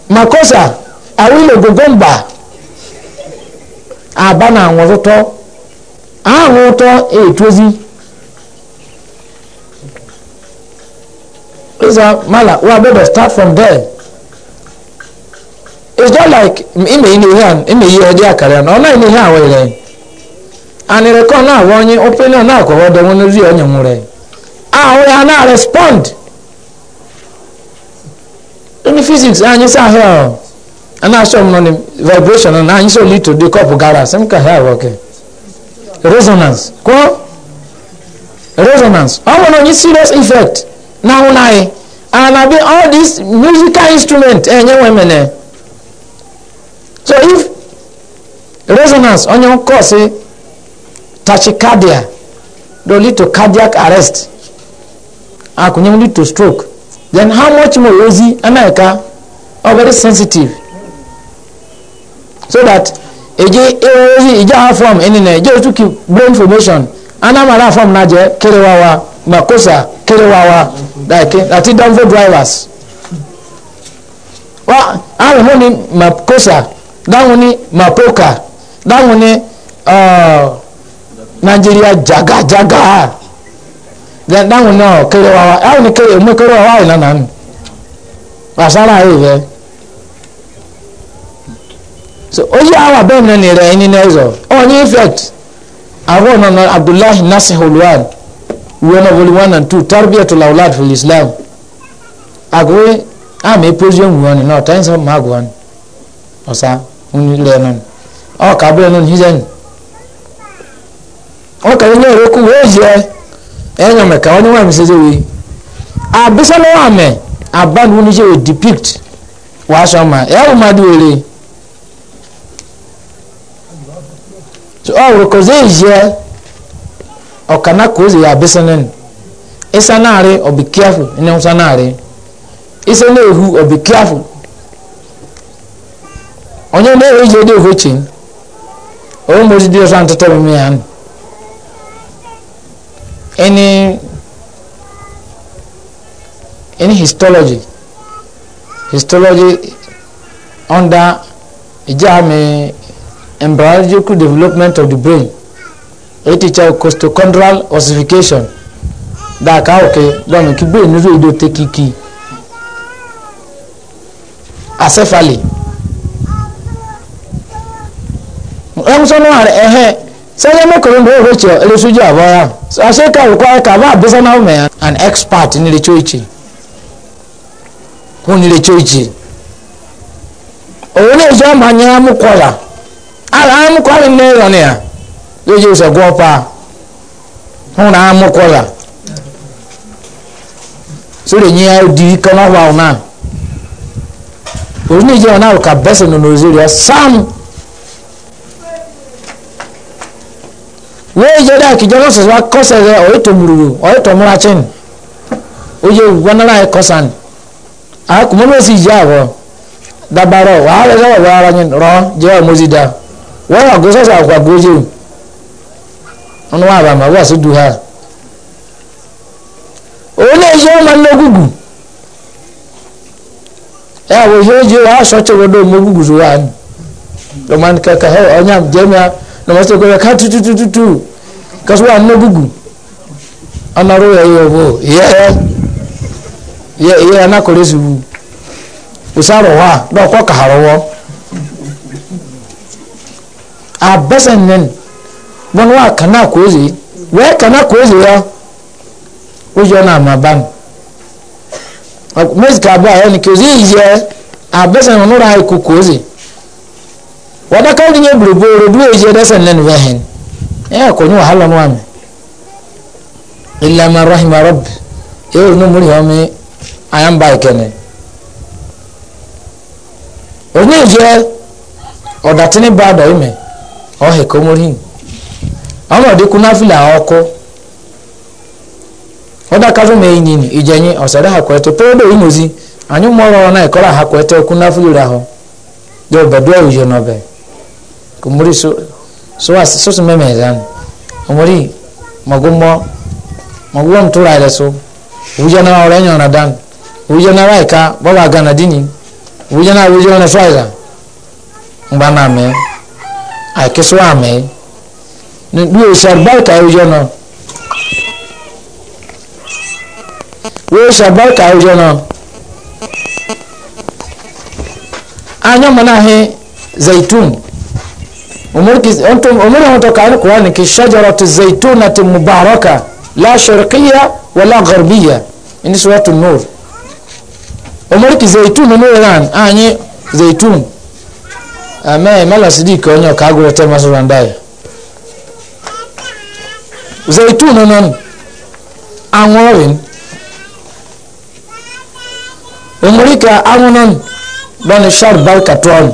makosa awile gogomba aba na anwụrụ ụtọ ahụ ụtọ etozi ịza mala we are better start from there it's not like ime ihe ihe a ime ihe ọdị akara ya na ọ naghị ihe ahụ ere anịrịkọ na-ahụ onye opinion na-akọwa ọdọ nwe n'ozi onye nwụrụ ahụ ya na-respond ní physics anyi sá hẹ́ ọ́ ẹ̀nà aṣọ mu ní vibration ọ̀nà anyi sọ lítò dé kọ́ọ̀pù gara sẹ́mi kà hẹ́ ọ́ kẹ́ resonance kọ́ resonance ọmọ náà ní serious effect náà wọn náà yẹ and abi all this musical instrument ẹ̀ ẹ̀ yẹ so if resonance ọ̀nyẹ́ kọ́ sí tachycardia dọ̀ lítò cardiac arrest akùnyẹ́ lítò stroke then how much more ozi america are oh, very sensitive so that eje ewozi ija ha form enina eje otuki brain formation anamara form na je kerewawa makosa kerewawa like ati danfo drivers wa ahun ho ni makosa dáhùn ni mapoka dáhùn ni uh, nigeria jagajaga. Jaga dáhùn náà kéré wa wa àwọn ni kéré mú kéré wa wa yìí nànà nù wàsára yìí bẹ so oyi awa bẹẹ mi nìyẹn rẹ ẹni náà zọ ọ ní effect àwọn ọ̀nà náà abdullahi nasir olùwàn wọn náà wọlé one and two tarbiyatu laulad fil islam àgbẹ̀ àmì pọ́sí ẹ̀wù wọn náà tẹ́yìn sọ ma gùn ọ̀sá ń lẹ̀ nù ọ̀ kábíyẹ̀ nù hízẹ́nì ọ̀kàlẹ́ náà rẹ kú wọ́n yẹ. ɛnyɛ mɛ ka ɔne wàmì sɛsɛ wei abisalo wàmɛ aban wuni sɛ wei depict wàásɔ ma ma di wòle so ɔwò kòzé yìíyɛ ɔkànnà kòzé yà abisalo ni isanaare ɔbi careful ɛnɛ nsanaare na ehu ɔbi careful ɔnyɛ ndé ehu yɛ dé ehu ekyin ti di any any histology histology under ijame embryological development of the brain eticha costochondral ossification daka oke lọnà kí brain nínú ìdó tẹ kiki. acephaly ẹ̀hún sọ́nà ẹ̀hẹ́ sẹ́yẹ́ mẹ́kọ̀ọ́ ní ìwé ẹlẹ́sọ́jú àbọ̀yá àṣekà òkọ́ ẹ̀ka bá àbísọ́nà ọ̀mẹ́yà an expert nílé chọ́ọ̀chì wọ́n nílé chọ́ọ̀chì òun náà jẹ́ ọmọ anyan amúkọ́lá ara amúkọ́lá ní ẹ̀rọ ni à yóò jẹ́ ìṣẹ̀gùn ọ̀pá wọn náà amúkọ́lá sórí ẹ̀yìn àìdí kanáwá ọ̀nà òun náà jẹ́ ọ̀nà òkà bẹ́sẹ̀ nínú òzèrè sáàmù. weje da kijana sasa kosere oito muruyo oito murachin oye wanara ekosan a kuma mo si jawo dabaro wa le so wa ara yin ro je mo si da wa wa go sasa kwa goje onu wa ba ma wa si duha o le je ma no gugu ya wo je je wa so che wo do mo gugu so wa ni do man ka ka na wasu kwa ka tu tu tu tu tu kasuwa an gugu ana ro ya yo bo ye ye ye ana kore su bu usaro wa do ko ka harowo abasan nan bon wa kana kozi we kana kozi ya o yo na ma ban mezi ka ba ya ni kozi ye abasan no ra ko kozi wadaka ndi nye bulubulu duwe ije dasa nenu yahen ya kwenye wahala nwame illa man rahima rabb eyo no muri home ayan ba ikene onye je odatini ba do ime o he ko muri ama de kuna fila oko oda ka me yin ni ijenyi osare ha kweto pedo imozi anyu moro na ikola ha kweto kuna fila ho do bedo ojo no be kumuri so so wa so so meme zan umuri magummo magum tura ile so wuja na ore nyo na dan wuja na raika baba gana dini wuja na wuja na faida ngba na me ai ke so ame ni du sharbal ka wuja na we sharbal ka wuja na anya mana he zaitun umuri hutokana kuwa kishajaratu zaitunati mubaraka la sharqiya wala gharbiya ini suratu nur umuri ki zaitun nur ran anyi ah, zaitun ama ah, mala sidiki onyo kagura tema surandaya zaitun nan anworin umuri ka amunon bani shar barka tuwanu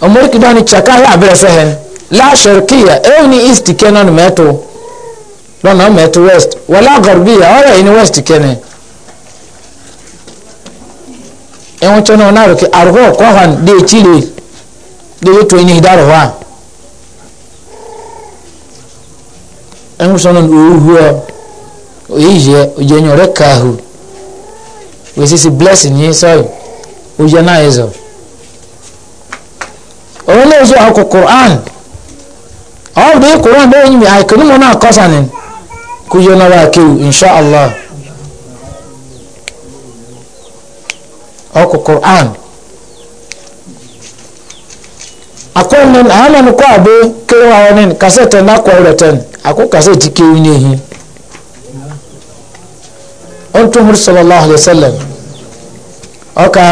omoriki bani chaka ya abere sehen la sharqiya ewni east kenan meto lona meto west wala garbiya ora ini west kene ewon chono na roki argo ko han de chile de yeto ini hidaro wa engu sono uhuwa oyiye ojenyo rekahu wesisi blessing yi so ujana ezo òun lè so àkó quran ọ̀hún bí quran bẹ́ẹ̀ yìí àìkú ni mo náà kọ́ sani kú yẹ náà wá kéwù insha allah ọkọ quran akɔnnen ahama no kɔ abe kewa hɔ nen kasɛtɛ na kɔ ɔrɛ tɛn akɔ kasɛti kewu nye hi ɔntu mu sallallahu alaihi wa sallam ɔka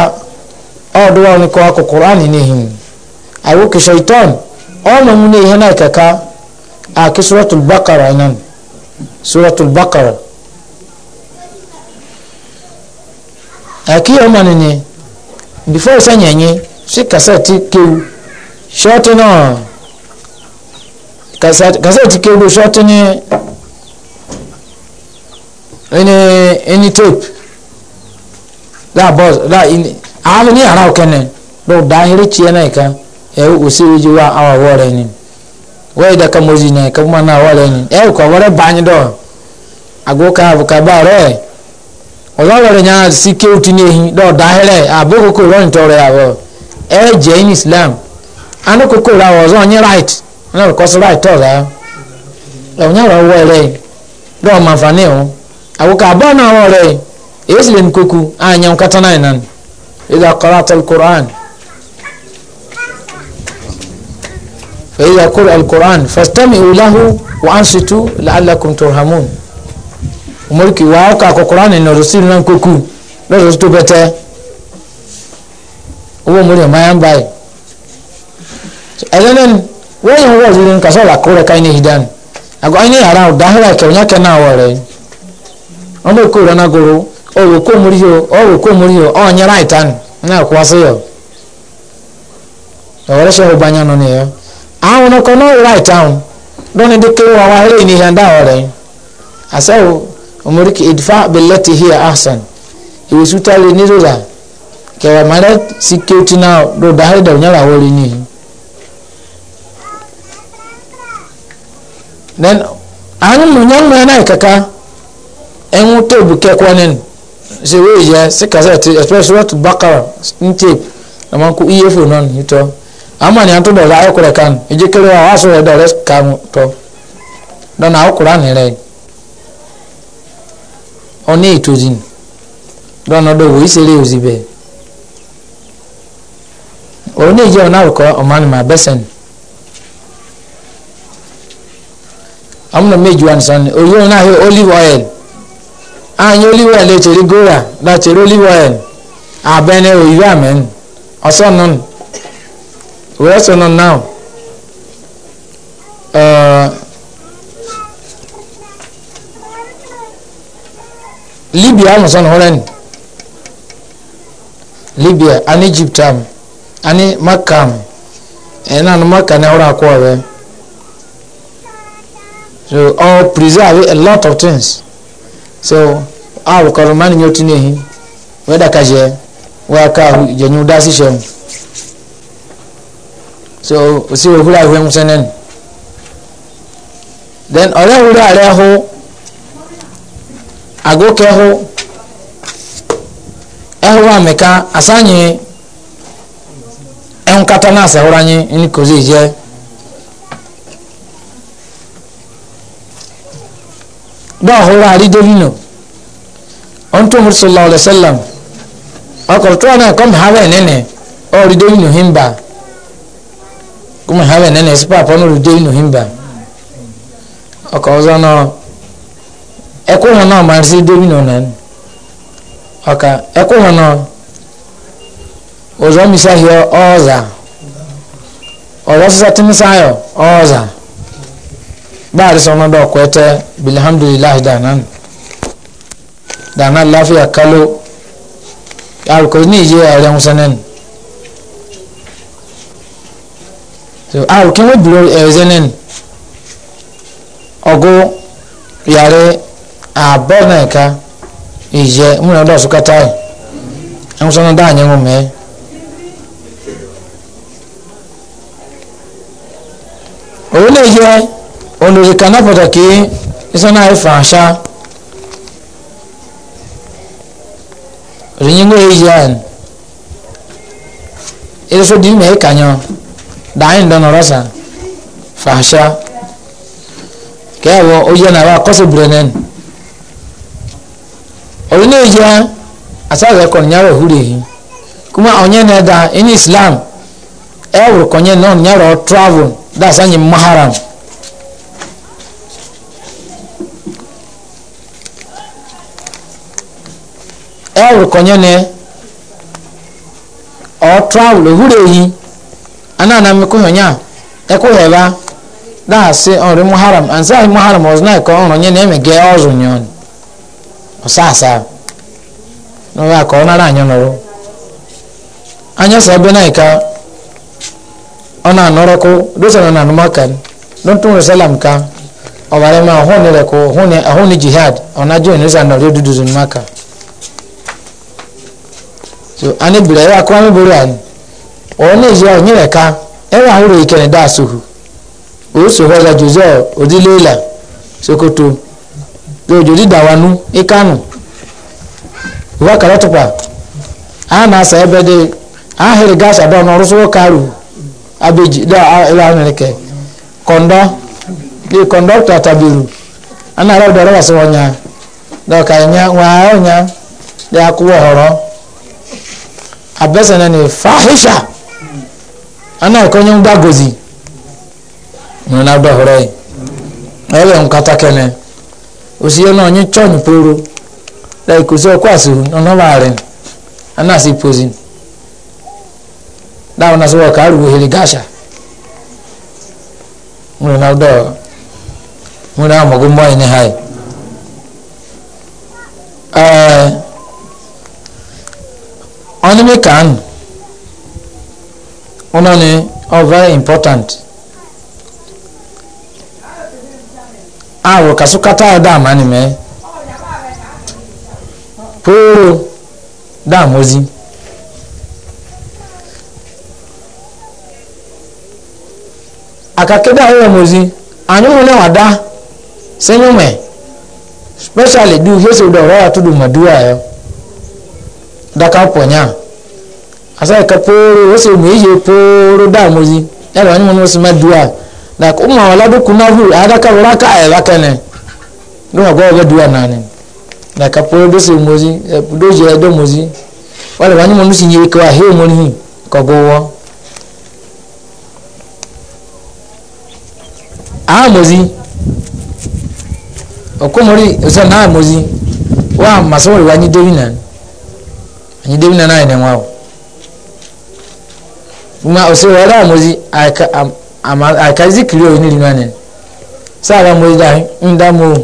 ɔdo wɔn kɔ quran ne hi awo ke shaitan ọmọ mu ne yana kaka a ke suratul bakara nan suratul bakara a ki ọmọ ne ne before sa nyanyi si kasati kewu short na kasati kewu short ne any any tape la boss la in a ni ara okene do da hiri tie na ikan ɛwɔ osiri ji wa awa wɔre ni wɔyi daka mozi na ka kuma na wɔre ni ɛwɔ kɔ wɔre banyi dɔ ago ka abu ka ba rɛ ɔlɔwɔre nya si kewuti ne hi dɔ dahɛrɛ abo koko rɔni tɔrɔ ya bɔ ɛyɛ e jɛ in islam ano koko ra wɔ zɔn nye right ana kɔsi right tɔ la ɛwɔ nya wɔ wɔre dɔ manfa ne ho ago ka ba na wɔre esilem koko a na yi nan فإذا قرأ القرآن فاستمعوا له وأنصتوا لعلكم ترحمون وملكي واوكا القرآن إن الرسول لن كوكو لرسول تبتا هو مولي ما ينبعي أذنن وين هو زلين كسر أقول كايني هدان أقول أيني أراو داهلا كونيا كنا وري أمو كورا نقولو أو كو مريو أو كو مريو أو نيرايتان أنا كواسيو أولا شهو بانيانو نيو àwọn ọkọ náà wà ìtàn lónìí dé kéwà wá eré ìníyàn dáwọ rẹ àṣẹwò ọmọdéke ìdìfà abẹlẹ ti hí àhásán ìwòsù tálẹ nírọlá kẹwà mẹrẹ sí kéwìtì náà ló dáhẹ dẹwò nyàrá wọlé ní. then àwọn mọ̀nyánmọ́ ẹ̀ náà kàkà ẹ̀ ń tóbi kẹ́kọ̀ọ́ nínú ṣe wéyìí yẹ sí kàṣẹ́ ti especially wọ́n ti bákàrà ní tape ẹ̀ máa ń kó iye fò náà nìyí tọ́. amani anto dɔ la ayɔkura kan edze kele wa waso wɔ dɔlɛ kan tɔ dɔnna ayɔkura ni rɛ ɔne ozi ma amuna meji wani sani oyi olive oil anyi olive oil gora tere olive oil oyi Where's on now? Uh, Libya mo sɔn hɔrɛn Libya ani Egypt am ani Makka am ɛna no Makka na ɔrɔ akɔ ɔbɛ so ɔ oh, preserve a lot of things so a wɔkɔrɔ mani nyɛ otu n'ehi wɛda kahyɛ wɛaka jɛnyu daasi hyɛm so osi wo hura ahwɛ nsɛn nɛn then ɔrɛ wura arɛ ho agokɛ ho ɛho ameka asanye ɛnkata na asɛhora nye ne kozi jɛ dɔ ɔhora ari domino ɔntumur sallallahu alaihi wa sallam ɔkɔrɔtɔ na kɔm hawa nene ɔri domino himba kuma hawe nene sipa pono rude inu himba oka ozo no eku hono marsi debi no nan oka eku hono ozo misa hiyo oza ozo sisa timisa yo oza baari sono do kwete bilhamdulillahi danan danan lafiya kalo alkozni je a ran sanan awo kí wọ́n dúró ẹ̀rẹ́sẹ́nẹ́n ọgọ́ yàrá àbọ̀ náà ká ìyẹ múnà ọdọ sọkátà ẹ̀ ẹ̀ ń sọ́nà dáhà yẹn wọ̀ mẹ́. òun lè yẹ olùsìkà náà pàtàkì ìsọ́nà ẹ̀fọ́ àṣà òyìnbó yẹ yẹ ẹ̀ ẹ̀ ẹ̀ sọ́dún mẹ́ẹ̀ká yẹn dàáyìn rasa rọ́ṣà fàṣà kẹ́wọ́ oyè náà wà kọ́sọ̀ bìrẹ̀nẹ́n ọ̀rọ̀ náà yẹ asáàlú ẹ̀kọ́ níyàrá òhúrẹ̀ yìí kúmọ̀ ọ̀nyẹ́ náà dá ẹni islam ẹ̀wùrù kọ̀nyẹ́ náà níyàrá travel da sáyẹn maharam. ẹ̀wùrù kọ̀nyẹ́ náà ọ̀ travel òhúrẹ̀ yìí ana na mi kuyo nya e ko heba da se on re muharram an sai was na ko on nya ne me ge ozu nyon osasa no ya ko na ra nyon ro anya sa be na ika, ona noro ko do sa na numa kan don tun salam ka o bare ma ho ne ko ho ne ho ne jihad ona jo ne sa na re dudu zun maka so ani bira ya ko ani ọ̀nà ìyá ọ̀nyẹ̀rẹ̀ ká ẹ̀rọ àwọn òrò ìkẹrẹ̀ dá àsòhù oṣù ọ̀gá jòzọ́ òdílé ìlà sokoto lójó dídà wanú ìkánù ìwà kàrọ́tùpà a na asa ebe dị ahịrị gas adọ na ọrụsọ karu abeji dọ ebe amerịka kọndọ dị kọndọktọ tabiru a na-arọ dọrọ wasị ọnya dọ ka nya nwa ọnya dị akwụwọ họrọ abesa na ne fahisha anaghịkwa onye mgbagozi nọ na dọhụrụ ya ọrịa nkata kene osie na onye chọnyị ka laikosi ọkwasị ọnọmarị anasị pozi dáwọn náà sọ́wọ́ kàárù wòhèrè gáṣà múrin náà dọ̀ múrin náà mọ̀gún mọ́ ẹni ha ẹ̀ ọ́nìmí kàánù ona ni very important awo kaso kata da amani me poro da amozi Akakeda da awo amozi anyumu ne wada senyume especially du yesu da ora tudu madua yo da ka ponya asaika poro wose mwiye poro damuzi yalo wani mwani wose maduwa na kuma waladu kunahu adaka waraka aya wakane nuna kwa waga duwa nane na kaporo dose mwizi doji ya do mwizi wale wani mwani wose nye kwa hiyo mwani hii kwa gowa aha mwizi okumuri usana aha mwizi wa masori wanyi debi nane wanyi debi nane nane mwao ma ose wala mozi aka zikiri oyi ni limanin sara mozi da nda mo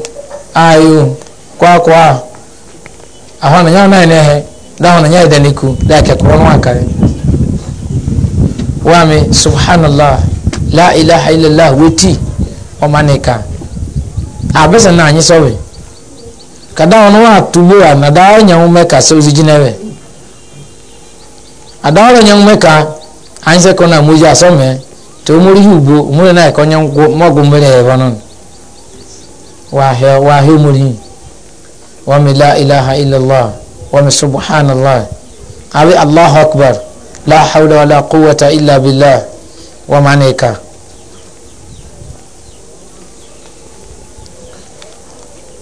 ayo kwa kwa ahwa na nyaa nai nehe da hona nyaa da niku da ke kwa nwa kare wa me subhanallah la ilaha illallah weti omanika abisa abesa na anyi sobe kada ono wa a na da nyaa umeka se uzi a adawara nyaa umeka anse kona muji asome to muri hubo muri na konya mogu mere ebanon wa he wa he muri wa mi ilaha illa allah wa mi subhanallah abi allah akbar la hawla wala quwwata illa billah wa maneka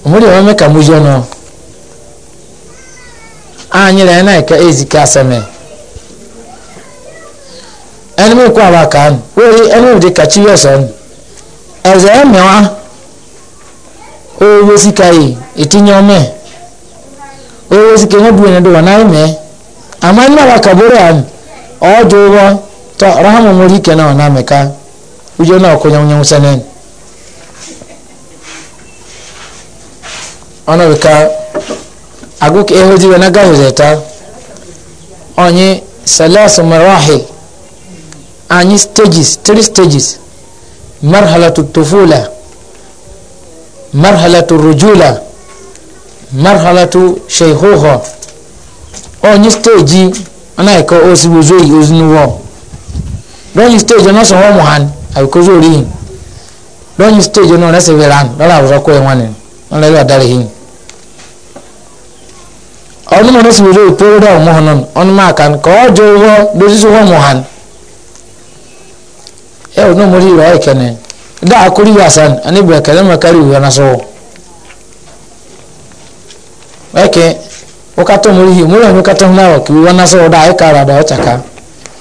muri wa meka muji ono anyere na ka ezika aseme ɛni mi kó àbá kàn wóri ɛni mi di kàtsi yɛ sàn ɛzɛ ɛmɛwa owó sika yi èti nyɔmɛ owó sika yi ɛbu yẹn do wọn náà mɛ àmọ́ ɛni mi àbá kàbóró yà ɔɔdzo wɔ tɔ rahama mo rí kɛnɛ wọn náà mɛka wíjọ náà kó nyɛmunyɛmu sɛnɛ ɔnà bí ká agókè ehodi wọn náà gáwó zɛta ɔnyi anyi stages three stages marhalatu tufula marhalatu rujula marhalatu sheikhuha onyi stage anaika osiwozoi ozinuwo lọ́yìn stage ọ̀nà sọ̀rọ̀ mọ̀hán àbíkóso rí yìí lọ́yìn stage ọ̀nà ọ̀nà sẹ̀fẹ̀ rán lọ́la àwòrán kọ́ ẹ̀wọ̀n ni wọ́n lọ́yìn àdáre yìí. ọdún mọ̀nà sì wúlò ìpérò dà ọ̀mọ̀hán náà ọ̀nà máa kàn kọ́ ọ́ jọ wọ́ lójúṣe wọ́ mọ̀hán ewo no muri wa ikene da akuri yasan ani be kale makari wa naso wake ukato muri hi muri ukato nawo ki wa naso da ikara da ochaka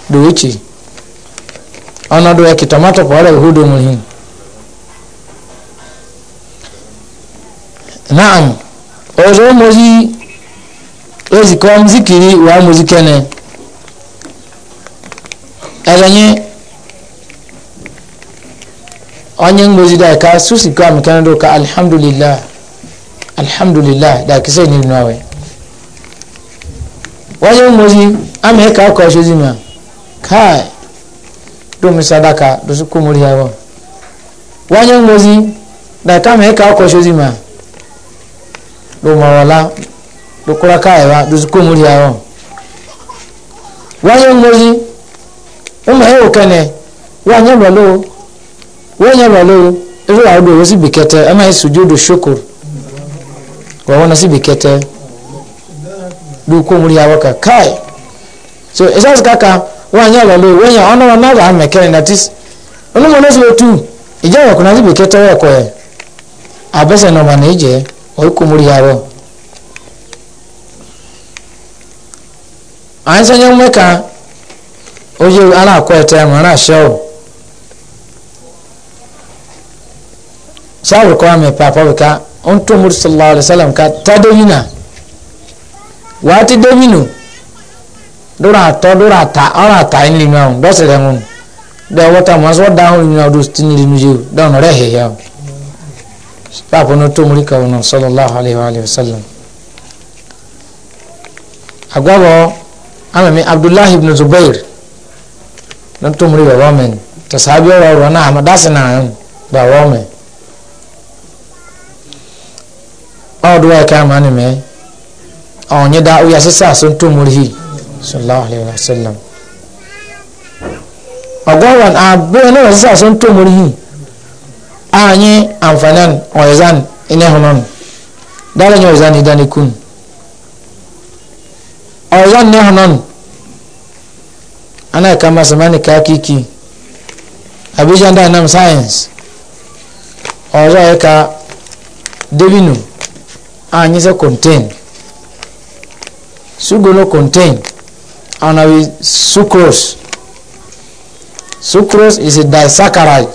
do uchi ona do ki tomato pa wala hudu muri naam ozo muri ezi kwa mzikiri wa muzikene elenye onyen moji da ka su si kwa mkan do ka alhamdulillah alhamdulillah da ki sai ni nawe onyen moji am he ka ko shoji ma kai do mi sadaka do su ko muri hawo onyen moji da ka me ka ko shoji ma do mawala do kura kai wa do su ko muri hawo onyen moji o me o kane wa lo wonye malo iru audu wosi bikete ama sujudu shukur si bikete du awaka kai so esas kaka wanya malo wanya ono wana ba mekere that is ono otu ija kuna si bikete wa ọrụ abese no manage o awo an ala ete ma na shawo kwa me papa bika on to mur sallallahu alaihi wasallam ka tadina wati domino dora to dora ta ara ta in limau do se lemun do wata maso da hun limau do stin limu je do no rehe ya papa no to mur ka on sallallahu alaihi wa alihi wasallam agwabo ama mi abdullah ibn zubair don to mur ba wamen tasabiyo wa wana amadasina ba wamen ọdụ ya ka ma ni mee onye da uya sisa sun tumurhi sallallahu alaihi wasallam ogwawan abu ne wa sisa sun tumurhi anyi amfanan oyzan ine hunan dala nyo oyzan idani kun oyzan ne hunan ana kama samani ka kiki abishan da nam science ọzọ ya ka debinu anyị sị contain sugar no contain and abi sucrose sucrose is a disaccharide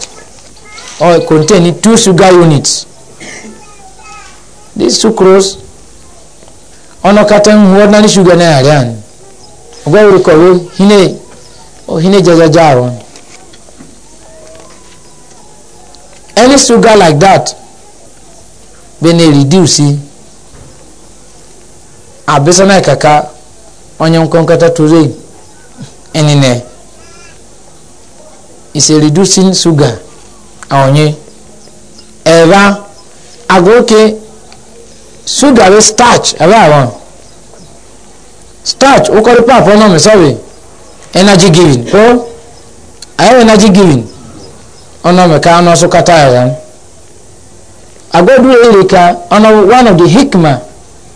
or oh, contain two sugar units this sucrose ọnọkata nhu ordinary sugar na yàrá ni ọgbà wòle kọ̀wé hine hine jajaja àwọn any sugar like that bẹ́ẹ̀ ni reduce. abisa na kaka onye nkwonkata turig enine is a reducing sugar onye eva agoke sugar be starch ebe awon starch ukori pap ono mi sorry energy giving ko ayo energy giving ono mi ka ono kata ya agodu erika ono one of the hikma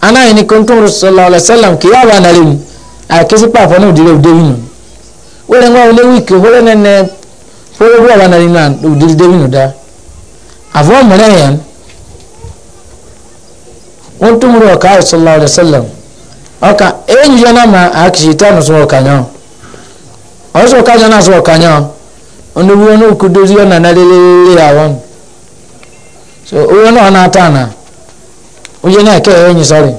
anáyìn ni kóńtún rọ̀sọ̀lá ọ̀lẹ́sẹ̀lẹ̀m kì yá wà nàlẹ́ mi àkẹ́sí pàfọ́ náà òdìrẹ́ òdèwì nù wẹ́rẹ́ wọn olé wíìkì wẹ́rẹ́ nẹ́nẹ́ fọwọ́ wà nàlẹ́ náà òdìrẹ́ òdèwì nù dá àfọ́ mọ̀nẹ́ yẹn wọ́n tún rọ̀ ká rọ̀sọ̀lá ọ̀lẹ́sẹ̀lẹ̀m ọkà eyín yẹn náà mà àkìsí tánu sọ ọ̀kànyàn ọ̀sọ̀ ọ̀kànyàn náà sọ ọ̀kànyàn ọ̀nà owó náà kú dorí ọ̀nà náà lélẹ́lẹ́lẹ́ àwọn so owó náà náà tà náà oye náà kẹ́ ẹ̀yìn sọ́ọ̀rì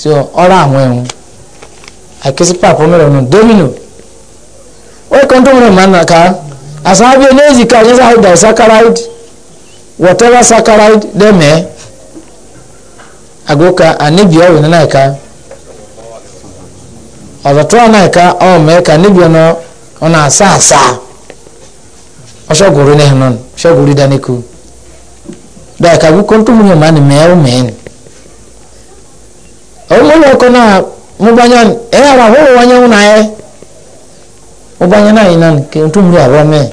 sí ọ̀rọ̀ àwọn ẹ̀hún àkẹ́sí pàpọ̀ mẹ́rẹ̀ domino wọ́n kàn tó mẹ́rẹ̀ mánà ká àsáábí eléyìí ká ṣe sáà dà saccharide whatever saccharide dẹ́mẹ̀ àgókà àníbi ọ̀rọ̀ náà ká ọ̀rọ̀ tó náà ká ọ̀mọ̀ ẹ̀ka níbi ọ̀nà ọ̀nà àsáàsá ọ̀ṣọ́gùrú náà nù ọ̀ṣọ́gùrú dáníkù dàkàbí kọ́ńtò mẹ́rẹ̀ mánà mẹ́rẹ̀ mẹ́rin ọmọdé ọkọ náà mo bá yàn ẹ àwọn àhóhò wọn yẹn wọn náà yẹ mo bá yàn náà yìí náà kí n tún múlẹ̀ àbọ̀ mẹ́ẹ̀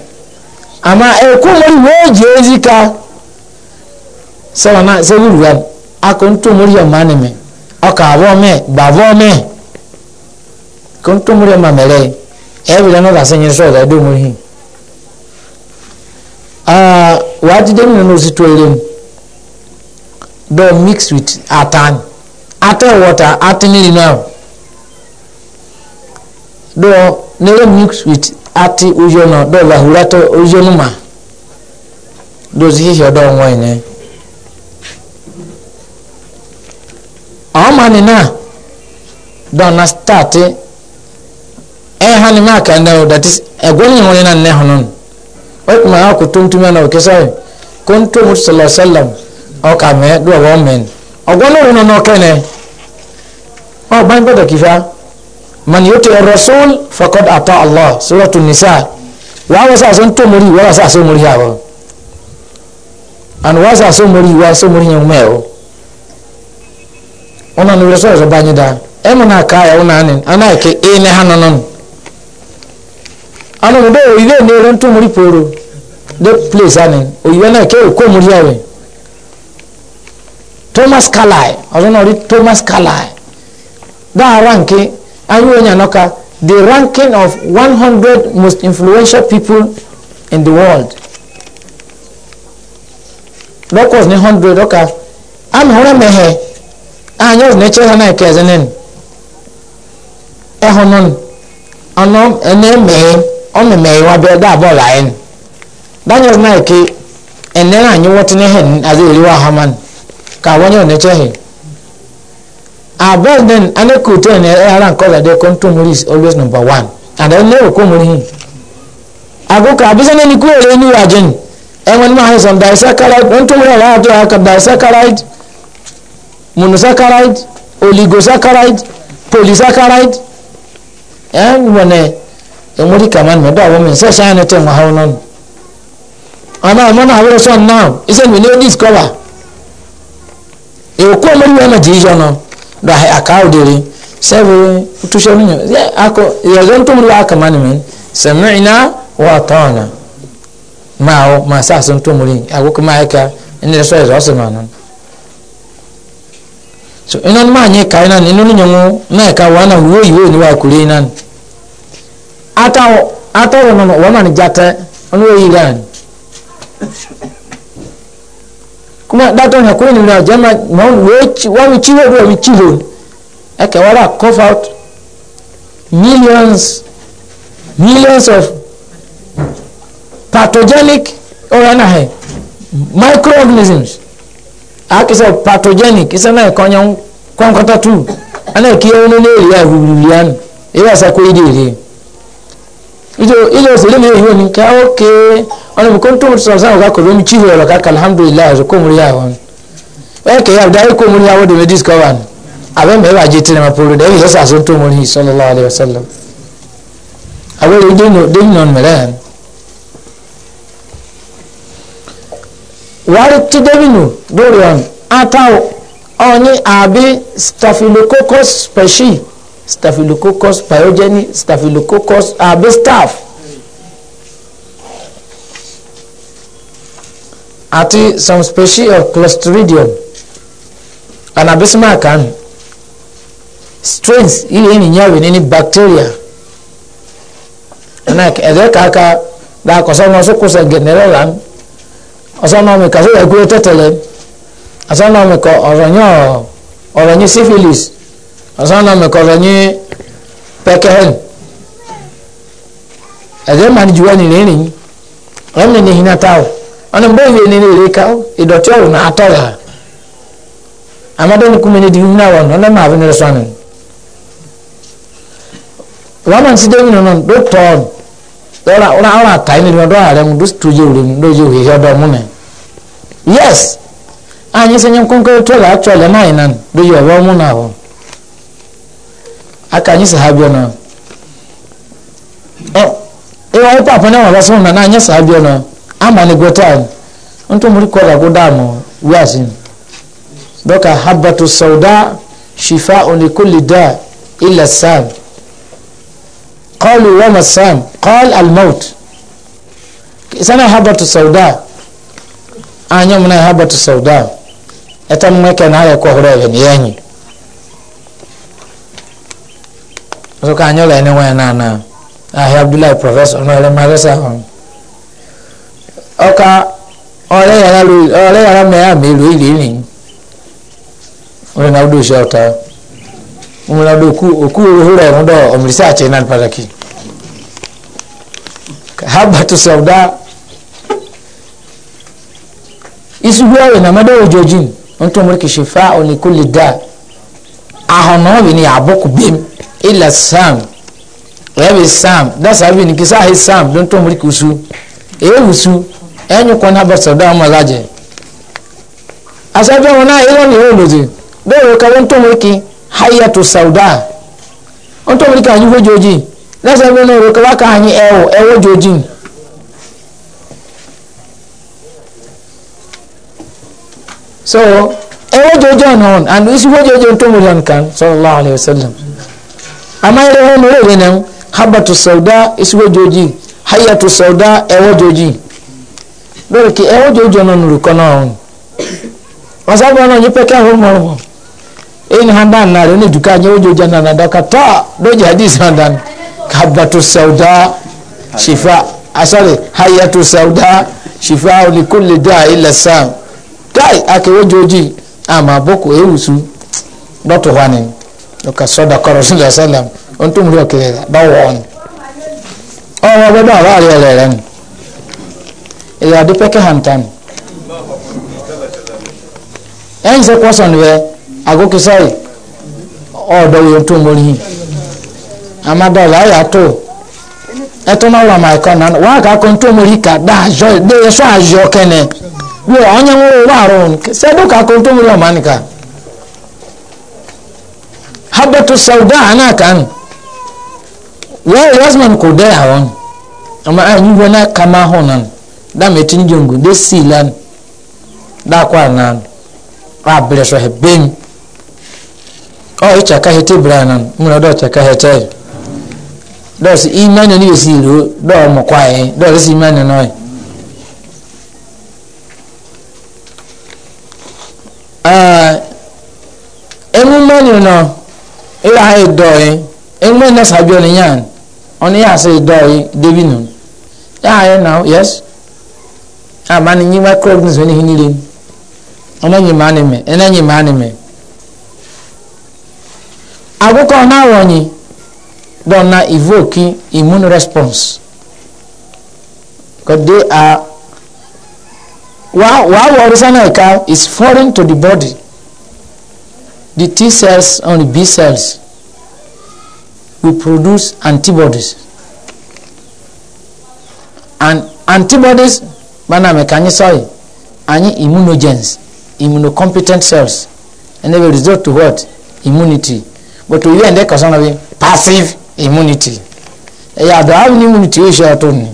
àmà ẹ̀kọ́ mọ́rí wọ́n jẹ́ ẹ́ zika sọ̀rọ̀ náà sẹ́wọ́n rúwa akọ n tún múlẹ̀ ọ̀ma ni mi ọkọ̀ àbọ̀ mẹ́ẹ̀ gbàbọ̀ mẹ́ẹ̀ kí n tún múlẹ̀ ọ̀ma mẹ́rẹ́ ẹ̀ bìrẹ̀ náà lásán yẹn sọ̀rọ̀ ẹ̀dọ́ mú hìn wàá ti dé nínú oṣù tó eré mu dọ́ọ̀ mix with atan. ate water ate nili now do nele mix with ate ujono do lahulato ujono ma do zihisho do ngwene amani na do na start eh hani ma ka ndo that is egwoni ngwene na ne honon okuma akutumtumia na okesai kuntu musallallahu alaihi wasallam okame do women ogwono no no kene ọ bá ń gbọ́dọ̀ kífá mani yóò tẹ rasul fakọd atọ allah suratu nisa wàá wọ́n sàṣọ ń tó mórí ìwọ́ wọ́n sàṣọ mórí àwọ̀ àni wọ́n sàṣọ mórí ìwọ́ sọ mórí yẹn mẹ́ o wọn nàn wíwọ́ sọ̀rọ̀ bá yín dá ẹ mọ̀ náà ká ẹ̀wọ̀n náà ni aná ẹ̀kẹ́ ẹ̀ ní hàn nánà nù anu mo bẹ́ẹ̀ ìwé mi ló ń tó mórí pòrò dé place ani òyìnbó náà kẹ́ ẹ̀ kó mórí àwẹ̀ thomas kalai ọ̀sán náà rí thomas kalai that ranking ayiwo nyanoka the ranking of 100 most influential people in the world locals ni 100 oka amhore mehe anyo ne chere na kezenen ehonon ano ene me o me me wa be da ball ayin danyo na ke ene anyo wotene hen azeli wa haman ka wonyo ne chere above then aneko ten ẹran kọla de control is always number one and then lẹ́wọ̀ kó múri hin àkókò àbísẹ́ni ni kúrò lé ní ìwàjìn ẹ̀wọ̀n ní máa ń sàn disaccharide wọ́n tó wọ́n wá àti àkà disaccharide monosaccharide oligosaccharide polysaccharide ẹ̀ ń wọ̀n ẹ̀ ẹ̀mọ́rí kàmáà mọ̀dọ́ àwọn mi ṣẹ̀ṣẹ̀ àná tẹ̀ wọ́n àwọn náà ọ̀nà ọ̀mọ́nà àwòrán sọ̀n náà iṣẹ́ mi ní ó discover èkó ọmọdé wọn náà jì í yọ náà do hay akaw dere sabe tu shanu ya ako ya zan to muri aka mani min sami'na wa ata'na ma ma sa sun to muri ago kuma haka inda so ya so manan so ina ma nye kai nan inu nyo mu na ka wana wo yiwo ni wa kure nan ata ata wa mama wa man jata onu yi ran kuma dato na kuni na jama ma wechi wa michilo wa michilo aka wala cough out millions millions of pathogenic or anahe eh, microorganisms akisa pathogenic isa na konya kwankata tu ana kiyo ne ne ya hururian ewa sa ko idire ijo ijo sirili hiyo ni ka okay ona mkontu mtsaza ka ko mi chiwe ala ka alhamdulillah ko muri yawo eke ya dai ko muri yawo de me discover abe me ba jete na polo de yo sa so to muri sallallahu alaihi wasallam abe de no de no mera wari ti devinu dori on atao oni abi staphylococcus species staphylococcus pyogeny staphylococcus àbí uh, staph àti some species of clostridium anabismal kan strains ilé ènìyàn wẹ̀ ní bacteria ẹnna ẹ̀dẹ́ kàkà dàkọ̀sọ́ ọmọ sókòsẹ̀ gẹ̀nẹ́rẹ́ lan ọ̀sọ́ ọmọ mi kà sóyà kúrò tẹ̀tẹ̀lẹ̀ ọ̀sọ́ ọmọ mi kọ ọ̀rọ̀ yẹn ọ̀rọ̀ yẹn syphilis asana mekɔrɔ nye pɛkɛhɛn ɛdɛ ma ni juwa ni lɛni ɔmɛ ni hina ta o ɔni bɛ yɛ ni lɛ ka o idɔtɔ o na atɔ ya amadɔ ni kumɛ ni di na wɔn ɔnɛ ma afi ni sɔni wama si dɛmi nɔnɔ do tɔn ɔra ɔra ɔra ta ni dɔ yɛrɛ mu do tu je wuli mu do je wuli hɛ dɔ mu nɛ yes a nyɛ sɛ nyɛ nkonkɔ tɔ la atɔ lɛ n'a yi nan do yɛ wɔ mu na wɔn. aka nyi sahabi ona eh oh, ewa upa apana wa baso na nanya sahabi ona ama ni gotan nto muri kola godamo wasin doka habatu sauda shifaa'un likulli da ila sam qalu wama sam qal almout maut sana habatu sauda anya na habatu sauda etamweka naye kwa hurebe ni yenyewe so ka anyo ga ne wa na na ahi abdullahi professor no le madrasa on oka ole yara lu ole yara me ya ah, mi lu ile ni ole na do shota ah. mo na do ku oku ro ro mo do o mi sa che na pataki habatu sauda isubuwa na madawo jojin on to mo ke shifa on kulli da ahono bi ni aboku bim ila sam ɛbi sam dasa bi niki sahi sam don to muri kusu ewusu ɛnyu kwa na basa da ɔmo laje. asabi ɔmo naa ɛyɛ ɔmo ɛwɔ lodi bɛɛ wo ka don to muri ki hayatu sauda ɔn to muri ki anyi wo joji dasa bi ɔmo wo ka wa ka anyi ɛwɔ ɛwɔ joji. so ɛwɔ jojo ɔno and isi wo jojo to muri ɔno kan sallallahu alayhi wa amma ya rahu mu rewe nan habatu sauda isuwe joji hayatu sauda ewo joji lórí kí ẹwọ́ jojo náà nùrù kan náà ọ̀hún wọn sábà náà yí pẹ́kẹ́ àwọn ọmọ ọmọ ẹni hàn dáa nàá rẹ ní ìdùkọ́ àjẹ́ ojo jẹ́ nàá dàkà tó a lójú àdìs hàn dáa habatu sauda shifa asọ́rẹ̀ ah, hayatu sauda shifa onikule dáa ilẹ̀ sáà táì akẹ́wọ́ joji àmà àbọ̀kọ̀ ewùsù lọ́tọ̀ wa lọ́ka sọ́dà kọ́rọ̀ sílẹ̀ sálàm ohun tó ń rí ọ̀kẹ́ bá wọ̀ ọ́n ọmọ ọgbẹ́dọ̀ àwọn àárẹ̀ rẹ̀ rẹ̀ nù èyí àdépẹ́kẹ́ hàntán ẹ̀yìn sẹ́ pọ́sọ̀n rẹ̀ àgókè sọ́yì ọ̀dọ̀ yóò tó mọ́ yìí àmàdàlà àyà tó ẹtọ́ náà wà máa ẹ̀kọ́ náà wọ́n á kà kó tó mọ́ yìí kà dá àjọ ẹ̀ṣọ́ àjọ kẹ́nẹ̀ wíwọ̀ ọ̀nyẹ́wọ́ wà rọ̀ sẹ́dọ̀ kà kó tó mọ́ yìí ọ̀ habatu sauda ana kan ya rasman ko da yawon amma an yi wani kama honan da mai tun jungu da silan da kwana a bere so hebin o icha ka hete branan muna do cha ka hete do si imani ni si ro do mo kwae do si imani no ah emu mani no ila ha idoyi enwe na sabio ni yan oni ya se idoyi debinu ya ha now yes ama ni nyi microbes ni hinile ona nyi mani me ena nyi mani me aguko na wonyi don na evoke immune response because they are wa wa worisa na ka is foreign to the body the T cells and the B cells will produce antibodies. And antibodies, maname kanyi sorry, any immunogens, immunocompetent cells, and they will result to what? Immunity. But we end up with passive immunity. Yeah, do have immunity issue at all.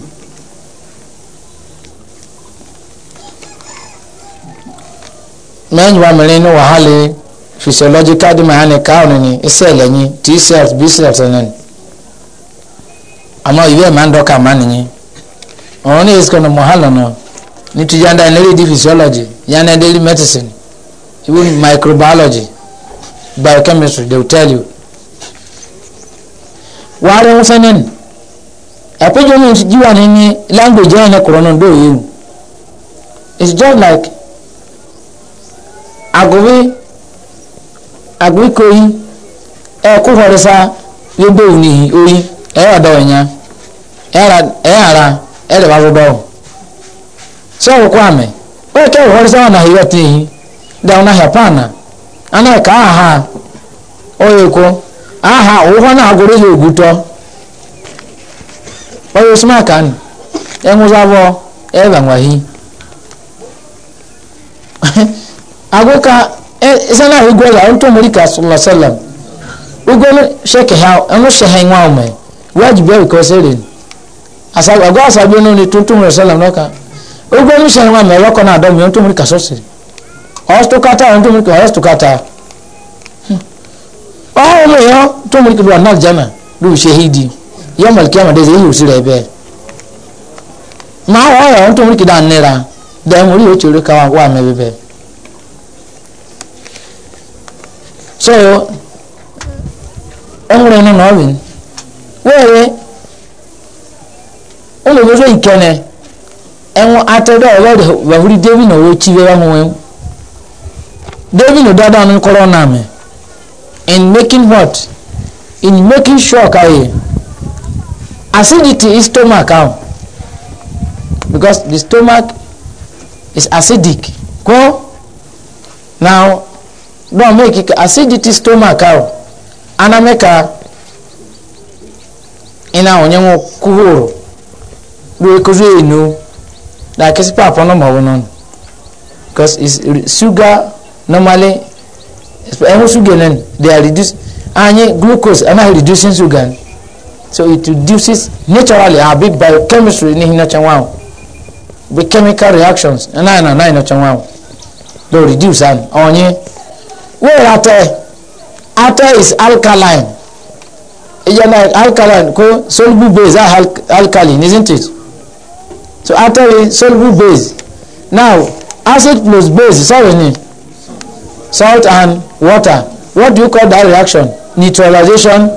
mẹ́yìn wa mẹ́rin ní wàhálà physiological demand ka ọ̀nà ni cell ẹ̀yin t cells b cells ẹ̀nà ni àmọ́ ìwé ẹ̀ máa ń dọ́ka máa nìyẹn ọ̀run ní ìsìkọ̀nà mọ̀hálà náà ní ti yanda ẹ̀nẹ́rì di physiology yanda ẹ̀nẹ́rì medicine even microbiology biochemistry they will tell you. wàá rẹ̀ wọ́n fẹ́ nẹ́ni ẹ̀pẹ́jọ́ mi ti jíwà ní ní language ẹ̀yìn ẹ̀kọ́rọ̀ náà dóòye mu it's just like agobe. agụike oyi ekwụhọrịsa yobo n'ihi oyi ewadọnya ehara edebarụdọ sọwụkwame oke ekwụhọrịsa ọ naghị yọta ihi dawna hepana anaghị ka aha oyekwo aha ụhọ na-agụrụ ya ogwutọ oye osmakan enwụzọ abụọ ebe nwahi agụka Eh, sana hugo ya onto mulika sallallahu alaihi wasallam ugo sheke ha anu shehe ngwa ume wajibu ya ko sele asabu agwa asabu no ni tuntum sallallahu alaihi wasallam noka ugo ni shehe ngwa me wako na adamu onto mulika sosere osto kata onto mulika osto kata ọhụrụ hmm. ụmụ ya tó mú ikú anal jana lóò ṣe hídi yọ mọ̀lìkì àmàdé ṣe yíò sí rẹ̀ bẹ́ẹ̀ máa wọ́n ọ̀rọ̀ tó mú ikú o tí orí ká wà mẹ́bí so ɛnwere no na ɔwe wɛɛwe ɔmɔbɛ so ikɛnɛ ɛnwo atɛ dɛ ɔbɛde wahuri devi na ɔwɔkyi bɛ wa nwɛm devi na dada no kɔrɔ na mɛ in making what in making sure kaye acidity is stomach out because the stomach is acidic Go. now don make ka acidity stomach ahụ aname ka ị na-ahụnye nwa kuhụrụ ruo ekuru enu na kesị papọ nọ ma ọ bụ because is sugar normally ẹhụ sugar nọ they are reduced anyị glucose anaghị reducing sugar so it reduces naturally our big biochemistry n'ihi nọcha nwa ahụ The chemical reactions anaghị na anaghị nọcha nwa ahụ they reduce and onye where ate ate is alkaline ijana alkaline ko soluble base are al alkaline isn't it so ate is soluble base now acid plus base sorry ni salt and water what do you call that reaction neutralization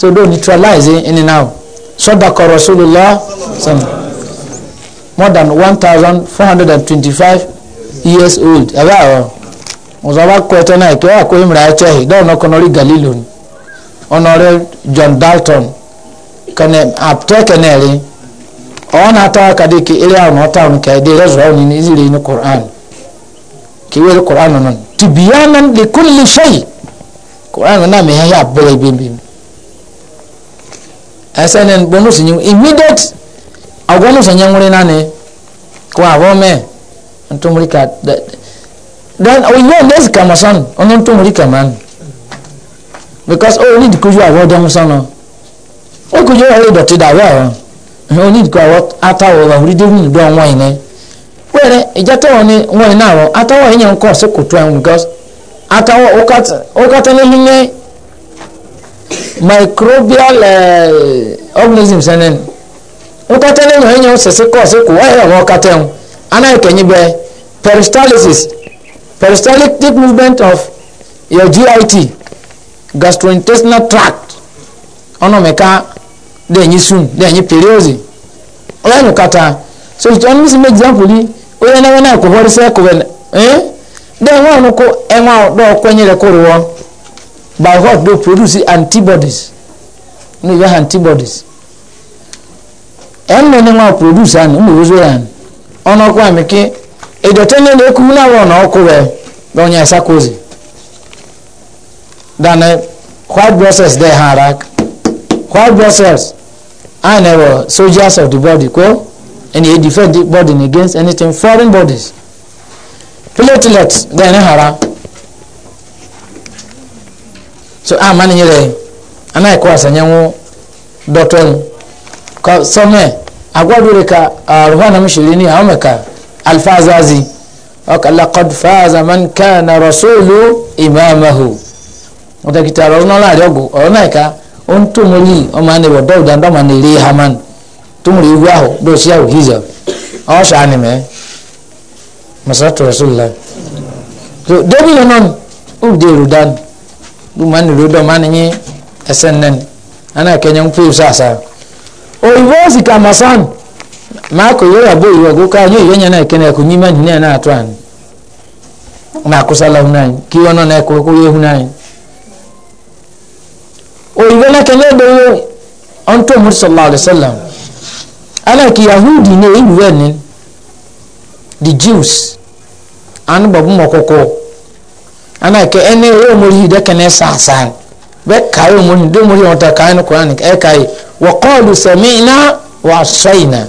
so don't neutralize it in and out sadaqa rasulullah more than 1425 years old. About, nzọba kweta na ike akọ imra echehi da ono konori galilon onore john dalton kane apte keneri ona ta ka diki ile awon ota on ka de rezo on ni izire ni qur'an ki wele qur'an non tibyanan li kulli shay qur'an na me ya bole bimbi asenen bonus nyu immediate agwanu sanyangure nane kwa abome ntumulika then o yẹ lẹsi kama sanu ọnyẹ tó mori kama ni because o ní ìdíkojú àwọ ọdún sanu o kojú ọrẹ ìdọ̀tí dà wíwá wọn o ní ìdíkọ àwọ atáwọ ọrọ orí dẹ́rù nìdọ́ wọn yìí nẹ wẹ́rẹ́ ìjà tọ̀wọ̀ ni wọn yìí náà wọ atáwọ̀ yìí yẹn kọ́ ọ̀sẹ̀ kò tó ẹ̀hún because atáwọ̀ ọkàtẹ́lẹ̀ yìí yẹn microbial organisms ẹni ọkàtẹ́lẹ̀ yìí yẹn sẹ̀sẹ̀ kọ́ ọ̀sẹ̀ kò wáyé ọ̀wọ́ can you be peristalsis peristaltic movement of your git gastrointestinal tract ọ̀nà mẹ́ka dẹ̀yìn soon dẹ̀yìn period ọ̀yẹ́nu kata so ìtọ́ ọ̀nà mísìn example yìí ó yẹ náwó náà kò wọ́n sẹ́ kò wẹ̀ ẹ́ dẹ́n wọ́n ọ̀nà kó ẹ̀wọ̀n ọ̀dọ́ ọ̀kọ́nyẹ́ rẹ̀ kó rẹ̀ by what they produce antibodies ní ìyá antibodies ẹ̀ ń wọn produce àná ń lọ wọ́n sọ yàn ọ̀nà ọkọ̀ àmì kí. ìdọ̀tí ní ilé kú na ọ̀nà wee rẹ̀ onye ìsákòzì dànù white blood cells dẹ̀ hàn ara white blood a na ewe soldiers of the body kó and èyí defend the body against anything foreign bodies platelets de ní hara so a ma máa nìyẹn rẹ̀ aná ẹ̀kọ́ àṣàyẹ̀wò dọ́tọ́ni sọ́mẹ̀ agwa rẹ̀ ka àrùbá nàmúṣẹ́lẹ̀ ní àwọn mẹ́ka. alfazazi ọkàn lakọd fàáza man kàn rasúlù ìmáàmáhù wọn tẹ kìtà ọrọ náà láàrin ọgùn ọrọ náà ká ó ń tó mo yí ọmọ àná ìwọ dọ́wọ́ dáńdọ́ ọmọ àná ìrè haman tó mo rí ewu ahọ bí o ṣe àwò hijab ọ ṣe àná mẹ masaratu rasulillah so débi yẹn náà ó dé èrò dání ló máa ń èrò dán máa ń yín ẹsẹ̀ nẹ́ni àná ìkẹyìn ń pè é sáàsáà òyìnbó sì kà màsán. mako yɛrɛ abo yi wago ka yɛ yɛ nyana kɛnɛ ko nyima ni nɛɛ naa tɔn na kusala ki wɔn na ko ko yɛ o yi wɔna kɛnɛ bɛ yɛ an to mu sallallahu alaihi wasallam ala ki yahudi ne yi wɛ ni the jews an babu makoko ana kɛ ɛnɛ yɛ yi dɛ kɛnɛ bɛ wɔn ta ɛ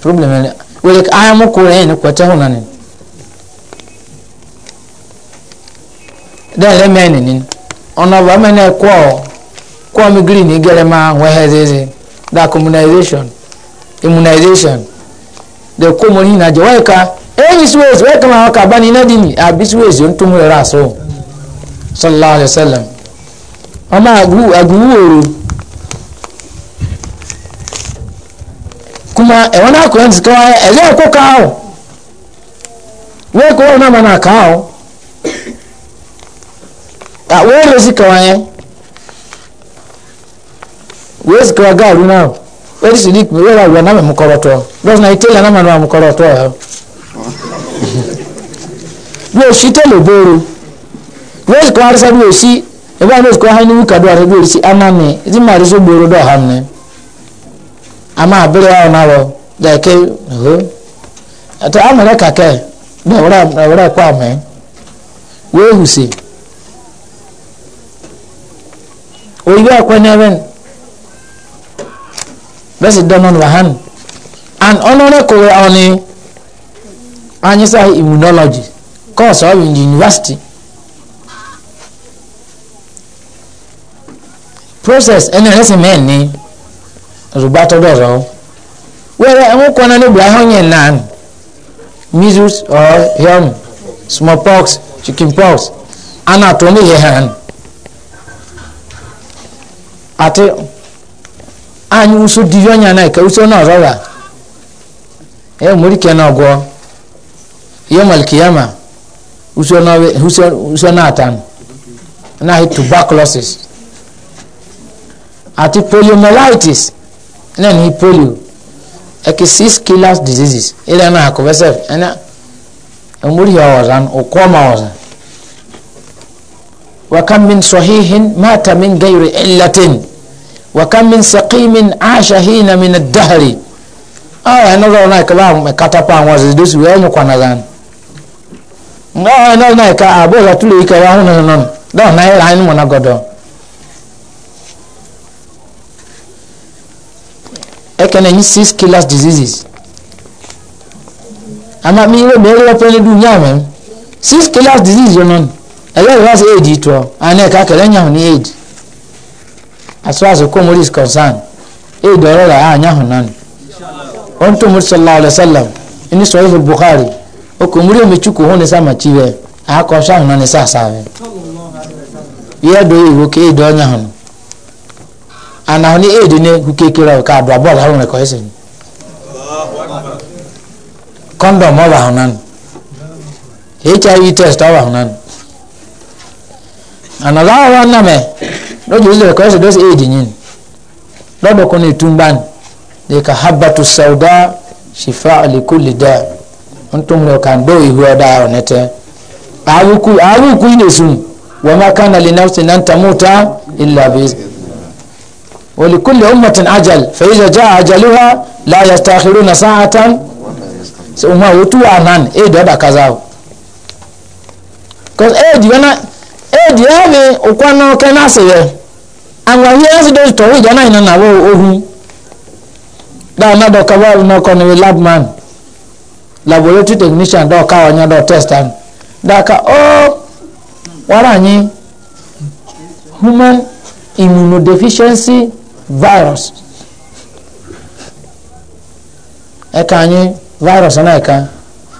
problem ni, wele aya mu ko ne ni. ta hona ne da le me ne ni ona ba me ne ko ko mi green gele ma we he zeze da communization immunization de ko mo ni na je wa ka eyi suwezi we kama ka ba ni na dini abi suwezi on tumu ra so sallallahu alaihi wasallam ama agu agu kuma ɛwɔ no akɔyɛ nsika wa ɛyɛ ɛkɔ kaa o wɔkɔ wɔn nama na kaa o a wɔyɛ sika wa yɛ wɔyɛ sika wa gaaru na o wɔyɛ sidi kpe wɔyɛ awia nama mu kɔrɔtɔ bɛs na itali nama na mu kɔrɔtɔ yɛ bi o si tɛlɛ booro wɔyɛ sika wa arisa bi o si ebi a wɔyɛ sika wa ha ni wuka do a bi o si anani edi maa de booro dɔ ha ne. ama abiri awo nabo deke ho ato amere kake na wura na wura kwa me we husi oyibi akwanya ben besi donon wahan and onore kore oni anyi sahi immunology course of university process ene resi men ni rubato dozo were emu kwana ne bla honye nan measles or yam smallpox chickenpox ana to ne yehan ate anyi uso divyonya na ka uso na rola e muri ke na ogwo yom alkiyama uso na uso uso na atan na tuberculosis ati poliomyelitis náà ní polio ɛkè six killers diseases ɛdá náà akɔbɛsɛ ɛnna ɛmúri yà ɔwɔsan ɔkɔɔma ɔwɔsan wakam min sɔhihin mata min gayri ɛlatin wakam min sakimin aasha hina min dahari aa ɛnna lɔɔre náà kaba kata paa wọn sɛ dosi wɛɛ nyɛ kwana zan nga ɛnna náà ka abo la tulo yi ka wa ho nananam dɔw náà yɛ na gɔdɔ. ekene nyi six killers diseases ama mi ire mi ire pele du nya me six killers diseases yonon ayo was aid to ane ka kele nya ho ni aid as far as the community is concerned aid oro la anya ho nan on to mu sallallahu alaihi wasallam ini sahih al bukhari o ko muri mi chuku ho ne sama chiwe a ko sha ho ne sa sa ye do iwo ke do nya ho ana hɔ ne ne hu kekere a ka ado aboɔ alahoro na kɔyɛ sɛ ni kɔndɔm ɔba ho nan hiv test ɔba ho ana laa wa namɛ lɔdi yi lɛ kɔyɛ sɛ dɔsɛ eedi nyin lɔdɔ kɔ ne tun ban de ka habatu sauda shifa alikuli da ntum lɛ kan dɔw ihu ɔda a ɔne tɛ aawuku aawuku yi ne sun wɔn aka na linafsi nan tamuta illa bi. ولكل أمة أجل فإذا جاء أجلها لا يستأخرون ساعة وما يتوى نان إيه دودا كذاو كز إيه ديانا إيه ديامي أكوانا كنا سيه أما هي أسدوش توي جانا إنا نابو أوهو دا نادو كباب نوكونا لاب مان laboratory technician dɔ ka ɔnyɛ dɔ test am daka ɔɔ wara human immunodeficiency virus ɛka anyi virus na ɛka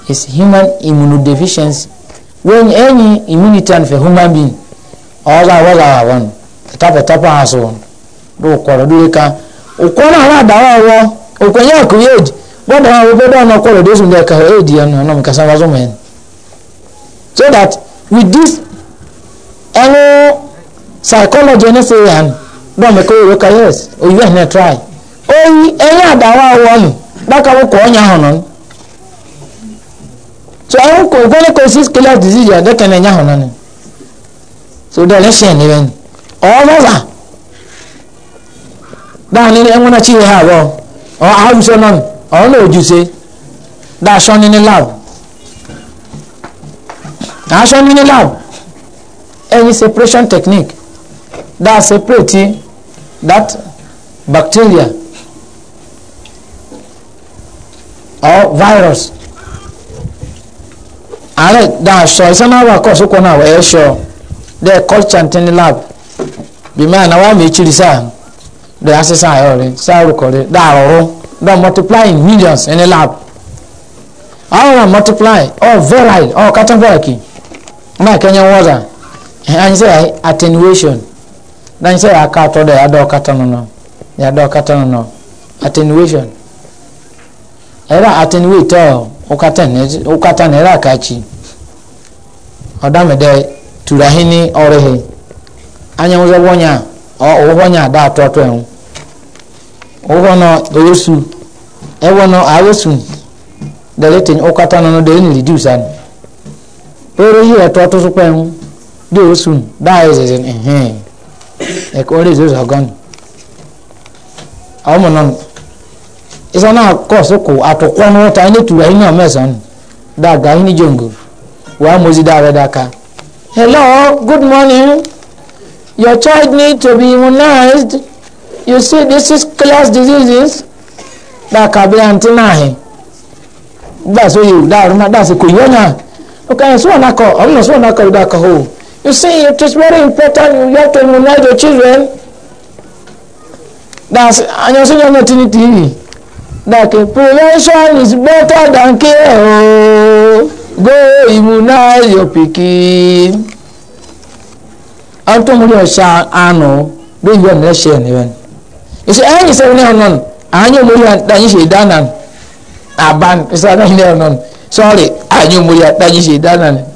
is human immunodeficiency wɔn enyi immunity and for human being ɔza wɔza wɔn tapɔtapɔ ha so do kɔrɔ do eka okɔn na ara adawa wɔ okɔn yɛ akɔ yɛ edi bɔdɔ ha wɔbɛ dɔn na kɔrɔ do esu de ɛka yɛ edi ɛnu ɛnum kasa wa so mɛn so that with this ɛnu psychology ɛnu sɛ yɛ dɔmɛ kɔ wuro ka yes oyi ɛhɛn try oyi adawa awɔ no daka wo ọnya ahụ nọ so ɛho kɔ ogolo osisi disease yɛ na ɛnya hɔn so dɛ ne hyɛn ne bɛn ɔɔmɔza daa na ha ọ ɔɔ nọ nɔn ɔɔ na oju daa sɔ ne law daa sɔ law separation technique daa separate. that bacteria or virus ààrẹ dáa sọ ìsanáwó àkọsókò náà wẹ̀ ẹ́ sọ dẹ́ culture lab bìmọ̀ ànáwó àmì ìkiri sáà dẹ́ asísá ayọ̀ rẹ̀ sáà orúkọ rẹ̀ dáa ọ̀rọ̀ dọ́ multiplying millions in the lab àwọn multiply all virile all categorical náà kẹ́nyẹ́ wọ́ọ̀dà ẹ̀yìn sẹ́yà attenuation. dan sɛ aka atɔ dɛ yɛada ɔkata no no yɛada ɔkata no no attenuation attenuate a wokata ne wokata ne aka akyi anya wo sɛ wɔnya hɔ no ɛyɛ su ɛwɔ no ayɛ su dɛ lete wokata no no dɛ ɛne reduce so pɛ ho dɛ da ekore zero sagan àwọn mọ̀nà isa náà kọ̀ sóko ta ilé ìtura yìí náà mẹ́sàn-án dàgà yìí ní jòǹgò wà á mọ̀sí hello good morning your child need to be immunized you see this is class diseases dàkà bí àǹtí náà hẹ̀ gbà sóyè dàrú má dàsí kò yẹ náà ó kàn yín sọ̀rọ̀ náà kọ̀ ọ̀run náà sọ̀rọ̀ náà kọ̀ ọ̀run náà kọ̀ You see, it is very important you have to immunize your children. That's and you see you're not in TV. That prevention is better than care. Oh. go immunize your pikin. Anto muri osha ano be you are nation even. You see, any seven non. Anyo muri dan yi she danan. Aban, isa dan yi non. Sorry, any anyo muri dan yi she danan.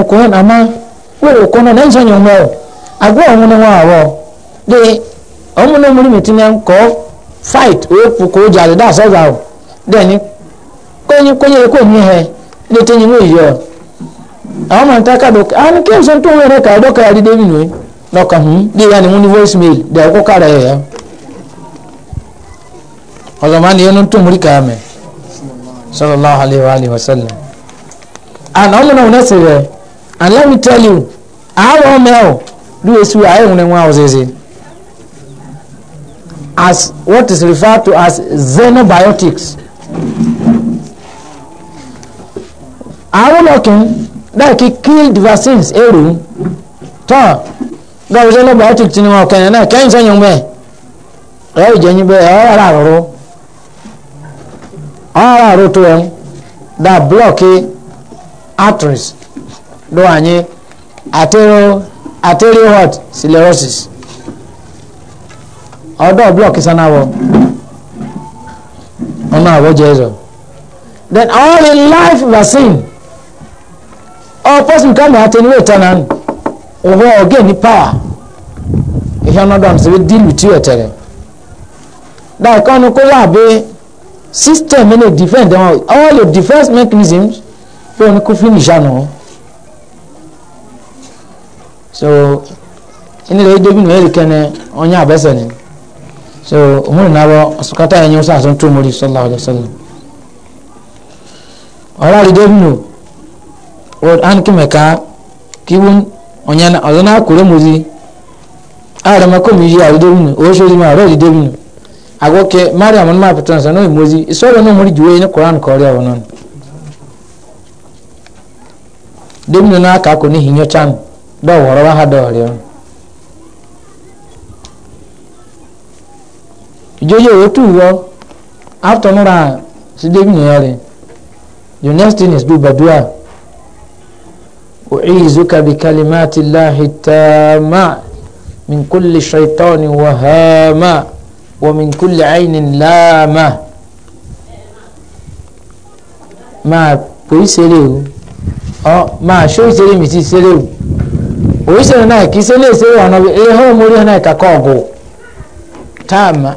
okòwò náà má wọ́n òkò náà lẹ́yìn sẹ́yìn ọmọ ọ̀ àgọ́ ọ̀hún ni wọ́n àwọ̀ de ọmọ náà múlùmí tí wọ́n kọ́ fight òòpù kò jà lè dá àṣọ́gbà ọ̀ dẹ́ni kóyin kóyin kò ní hẹ ilé tẹ́yìn wọ́n yìí ọ̀ àwọn máa ń ta káàdọ̀ ká ní kí n sọ tó ń rẹ̀ káàdọ̀ káàdì débi nìyẹn lọ́kàn hùn dé ya ni wọ́n ní voice mail dẹ̀ ọkọ̀ káàdà yẹ̀ yá ọ̀zọ̀mọ́ ni yẹn tó múrí káà mẹ́ sọlọ́láhùn aleyhi àná ọmọ náà wọ́n ẹ̀sìn rẹ̀ and let me tell you I àwọn ọmọ do ló esu àìrùn ni wọn ọ̀sẹ̀sẹ̀ as what is referred to as xenobiotics àwọn ọkùnrin láìkí killed vaccines èrò eh, tọ́ gbọ́dọ̀ xenobiotics ni wọn ọ̀kẹ́yìn náà kẹ́yìn sẹ́yìn bẹ́ẹ̀ ẹ̀ ẹ̀ jẹ́yìn bẹ́ẹ̀ ẹ̀ ọ̀rọ̀ àrọ̀rọ̀ ọ̀rọ̀ àrọ̀tọ̀ ẹ̀ dá blọ́ọ̀kì arteries do anyi atero atero what sclerosis ọdọ block sanawo ọmọ àwọ jẹzọ then all in life vaccine all person kan mi attenuate nan ọwọ ọgẹ ni power ihe ọnọdọ ọmọ sẹbi deal with you ẹtẹrẹ dáa kan ní kó láàbẹ system ní defend all the defense mechanisms fún ọ ní kó finish àná. so ini le dobi no erikene onya abesene so umuri nabo asukata enye usa asun tumuri sallallahu alaihi wasallam ora le dobi no or an ka kibun onya na ozana kure muzi ara makomi ya le dobi no o shori ma ro le dobi no agoke mariam ma patron sa no muzi isoro no muri juwe ni quran ko ri awon non dobi no na ka ko ni hinyo chanu dɔw wɔrɔ ba ha dɔɔri o ìjọyè owó tù wọ aftanura sí débi nìyẹn rẹ your next thing is do badua أعيذك بكلمات الله التامة من كل شيطان وهامة ومن كل عين لامة ما بوي سيريو أو ما شوي سيريو ميسي سيريو oríṣiríṣi náà kì í ṣe léèṣe wà náà ehó mórí náà kakọ ọgù táàmù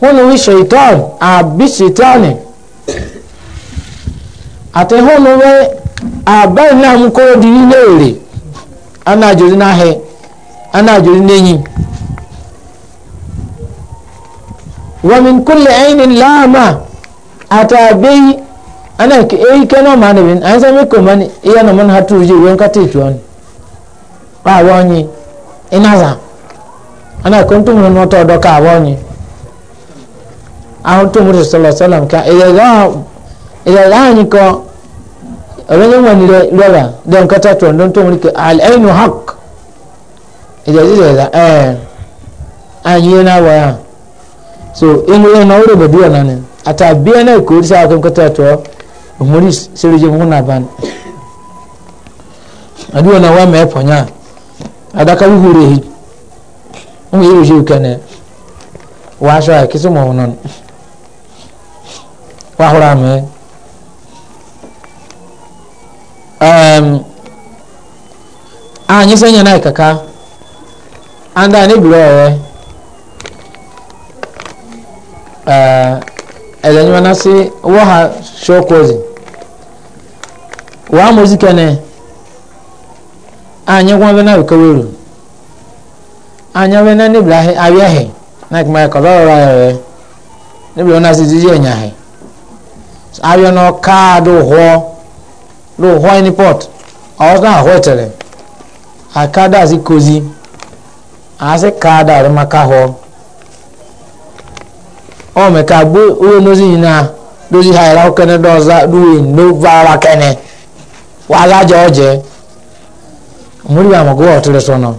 wọn ni wíṣọ ìtọ́ọ̀nù àbíṣe tọ́ọ̀nù àti hónú wẹ́ àbáyé náà mú kó di nílé èrè anájòrí náà hẹ anájòrí lẹ́yìn wọ́n mi kúlẹ̀ ẹ̀yìn láàmà àtàbẹ́yìn ana ke e kana ma ne bin an sami ko mani iya na man hatu je won ka te tuan ba woni ina za ana ko tun no to do ka woni an tun mu sallallahu alaihi wasallam ka iya ga iya ga ni ko wani wani le lola don ka ta tuan don tun mu ke al ainu haqq iya ji da eh an yi na waya so inu ina wuri ba duwa nan ata biya na ko sai ka ta tuan omori sere je muna ban adi wona wa me ponya adaka wi hure hi um yiro je kane wa sha kisu mo non wa hura me um anyi sanya na kaka anda ne biro eh eh ẹ̀dẹ̀ ni wọn ná sí wọ́n ha ṣọ́kọ́ọ̀sì wa mozi kene anya kwa bena ukawiru anya bena ni blahe abiahe na kuma ko ro ra re ni bi ona si je nya he abio no ka do ho lo ho ni pot o na ho tele akada si kozi ase kada da re maka ho o me ka gbo owo mozi ni na dozi ha ra o kene do za kene wàhálà jẹ́ ọ̀jẹ́ mo rí àwọn ọgọ́wọ́ tó lọ sọ́nà.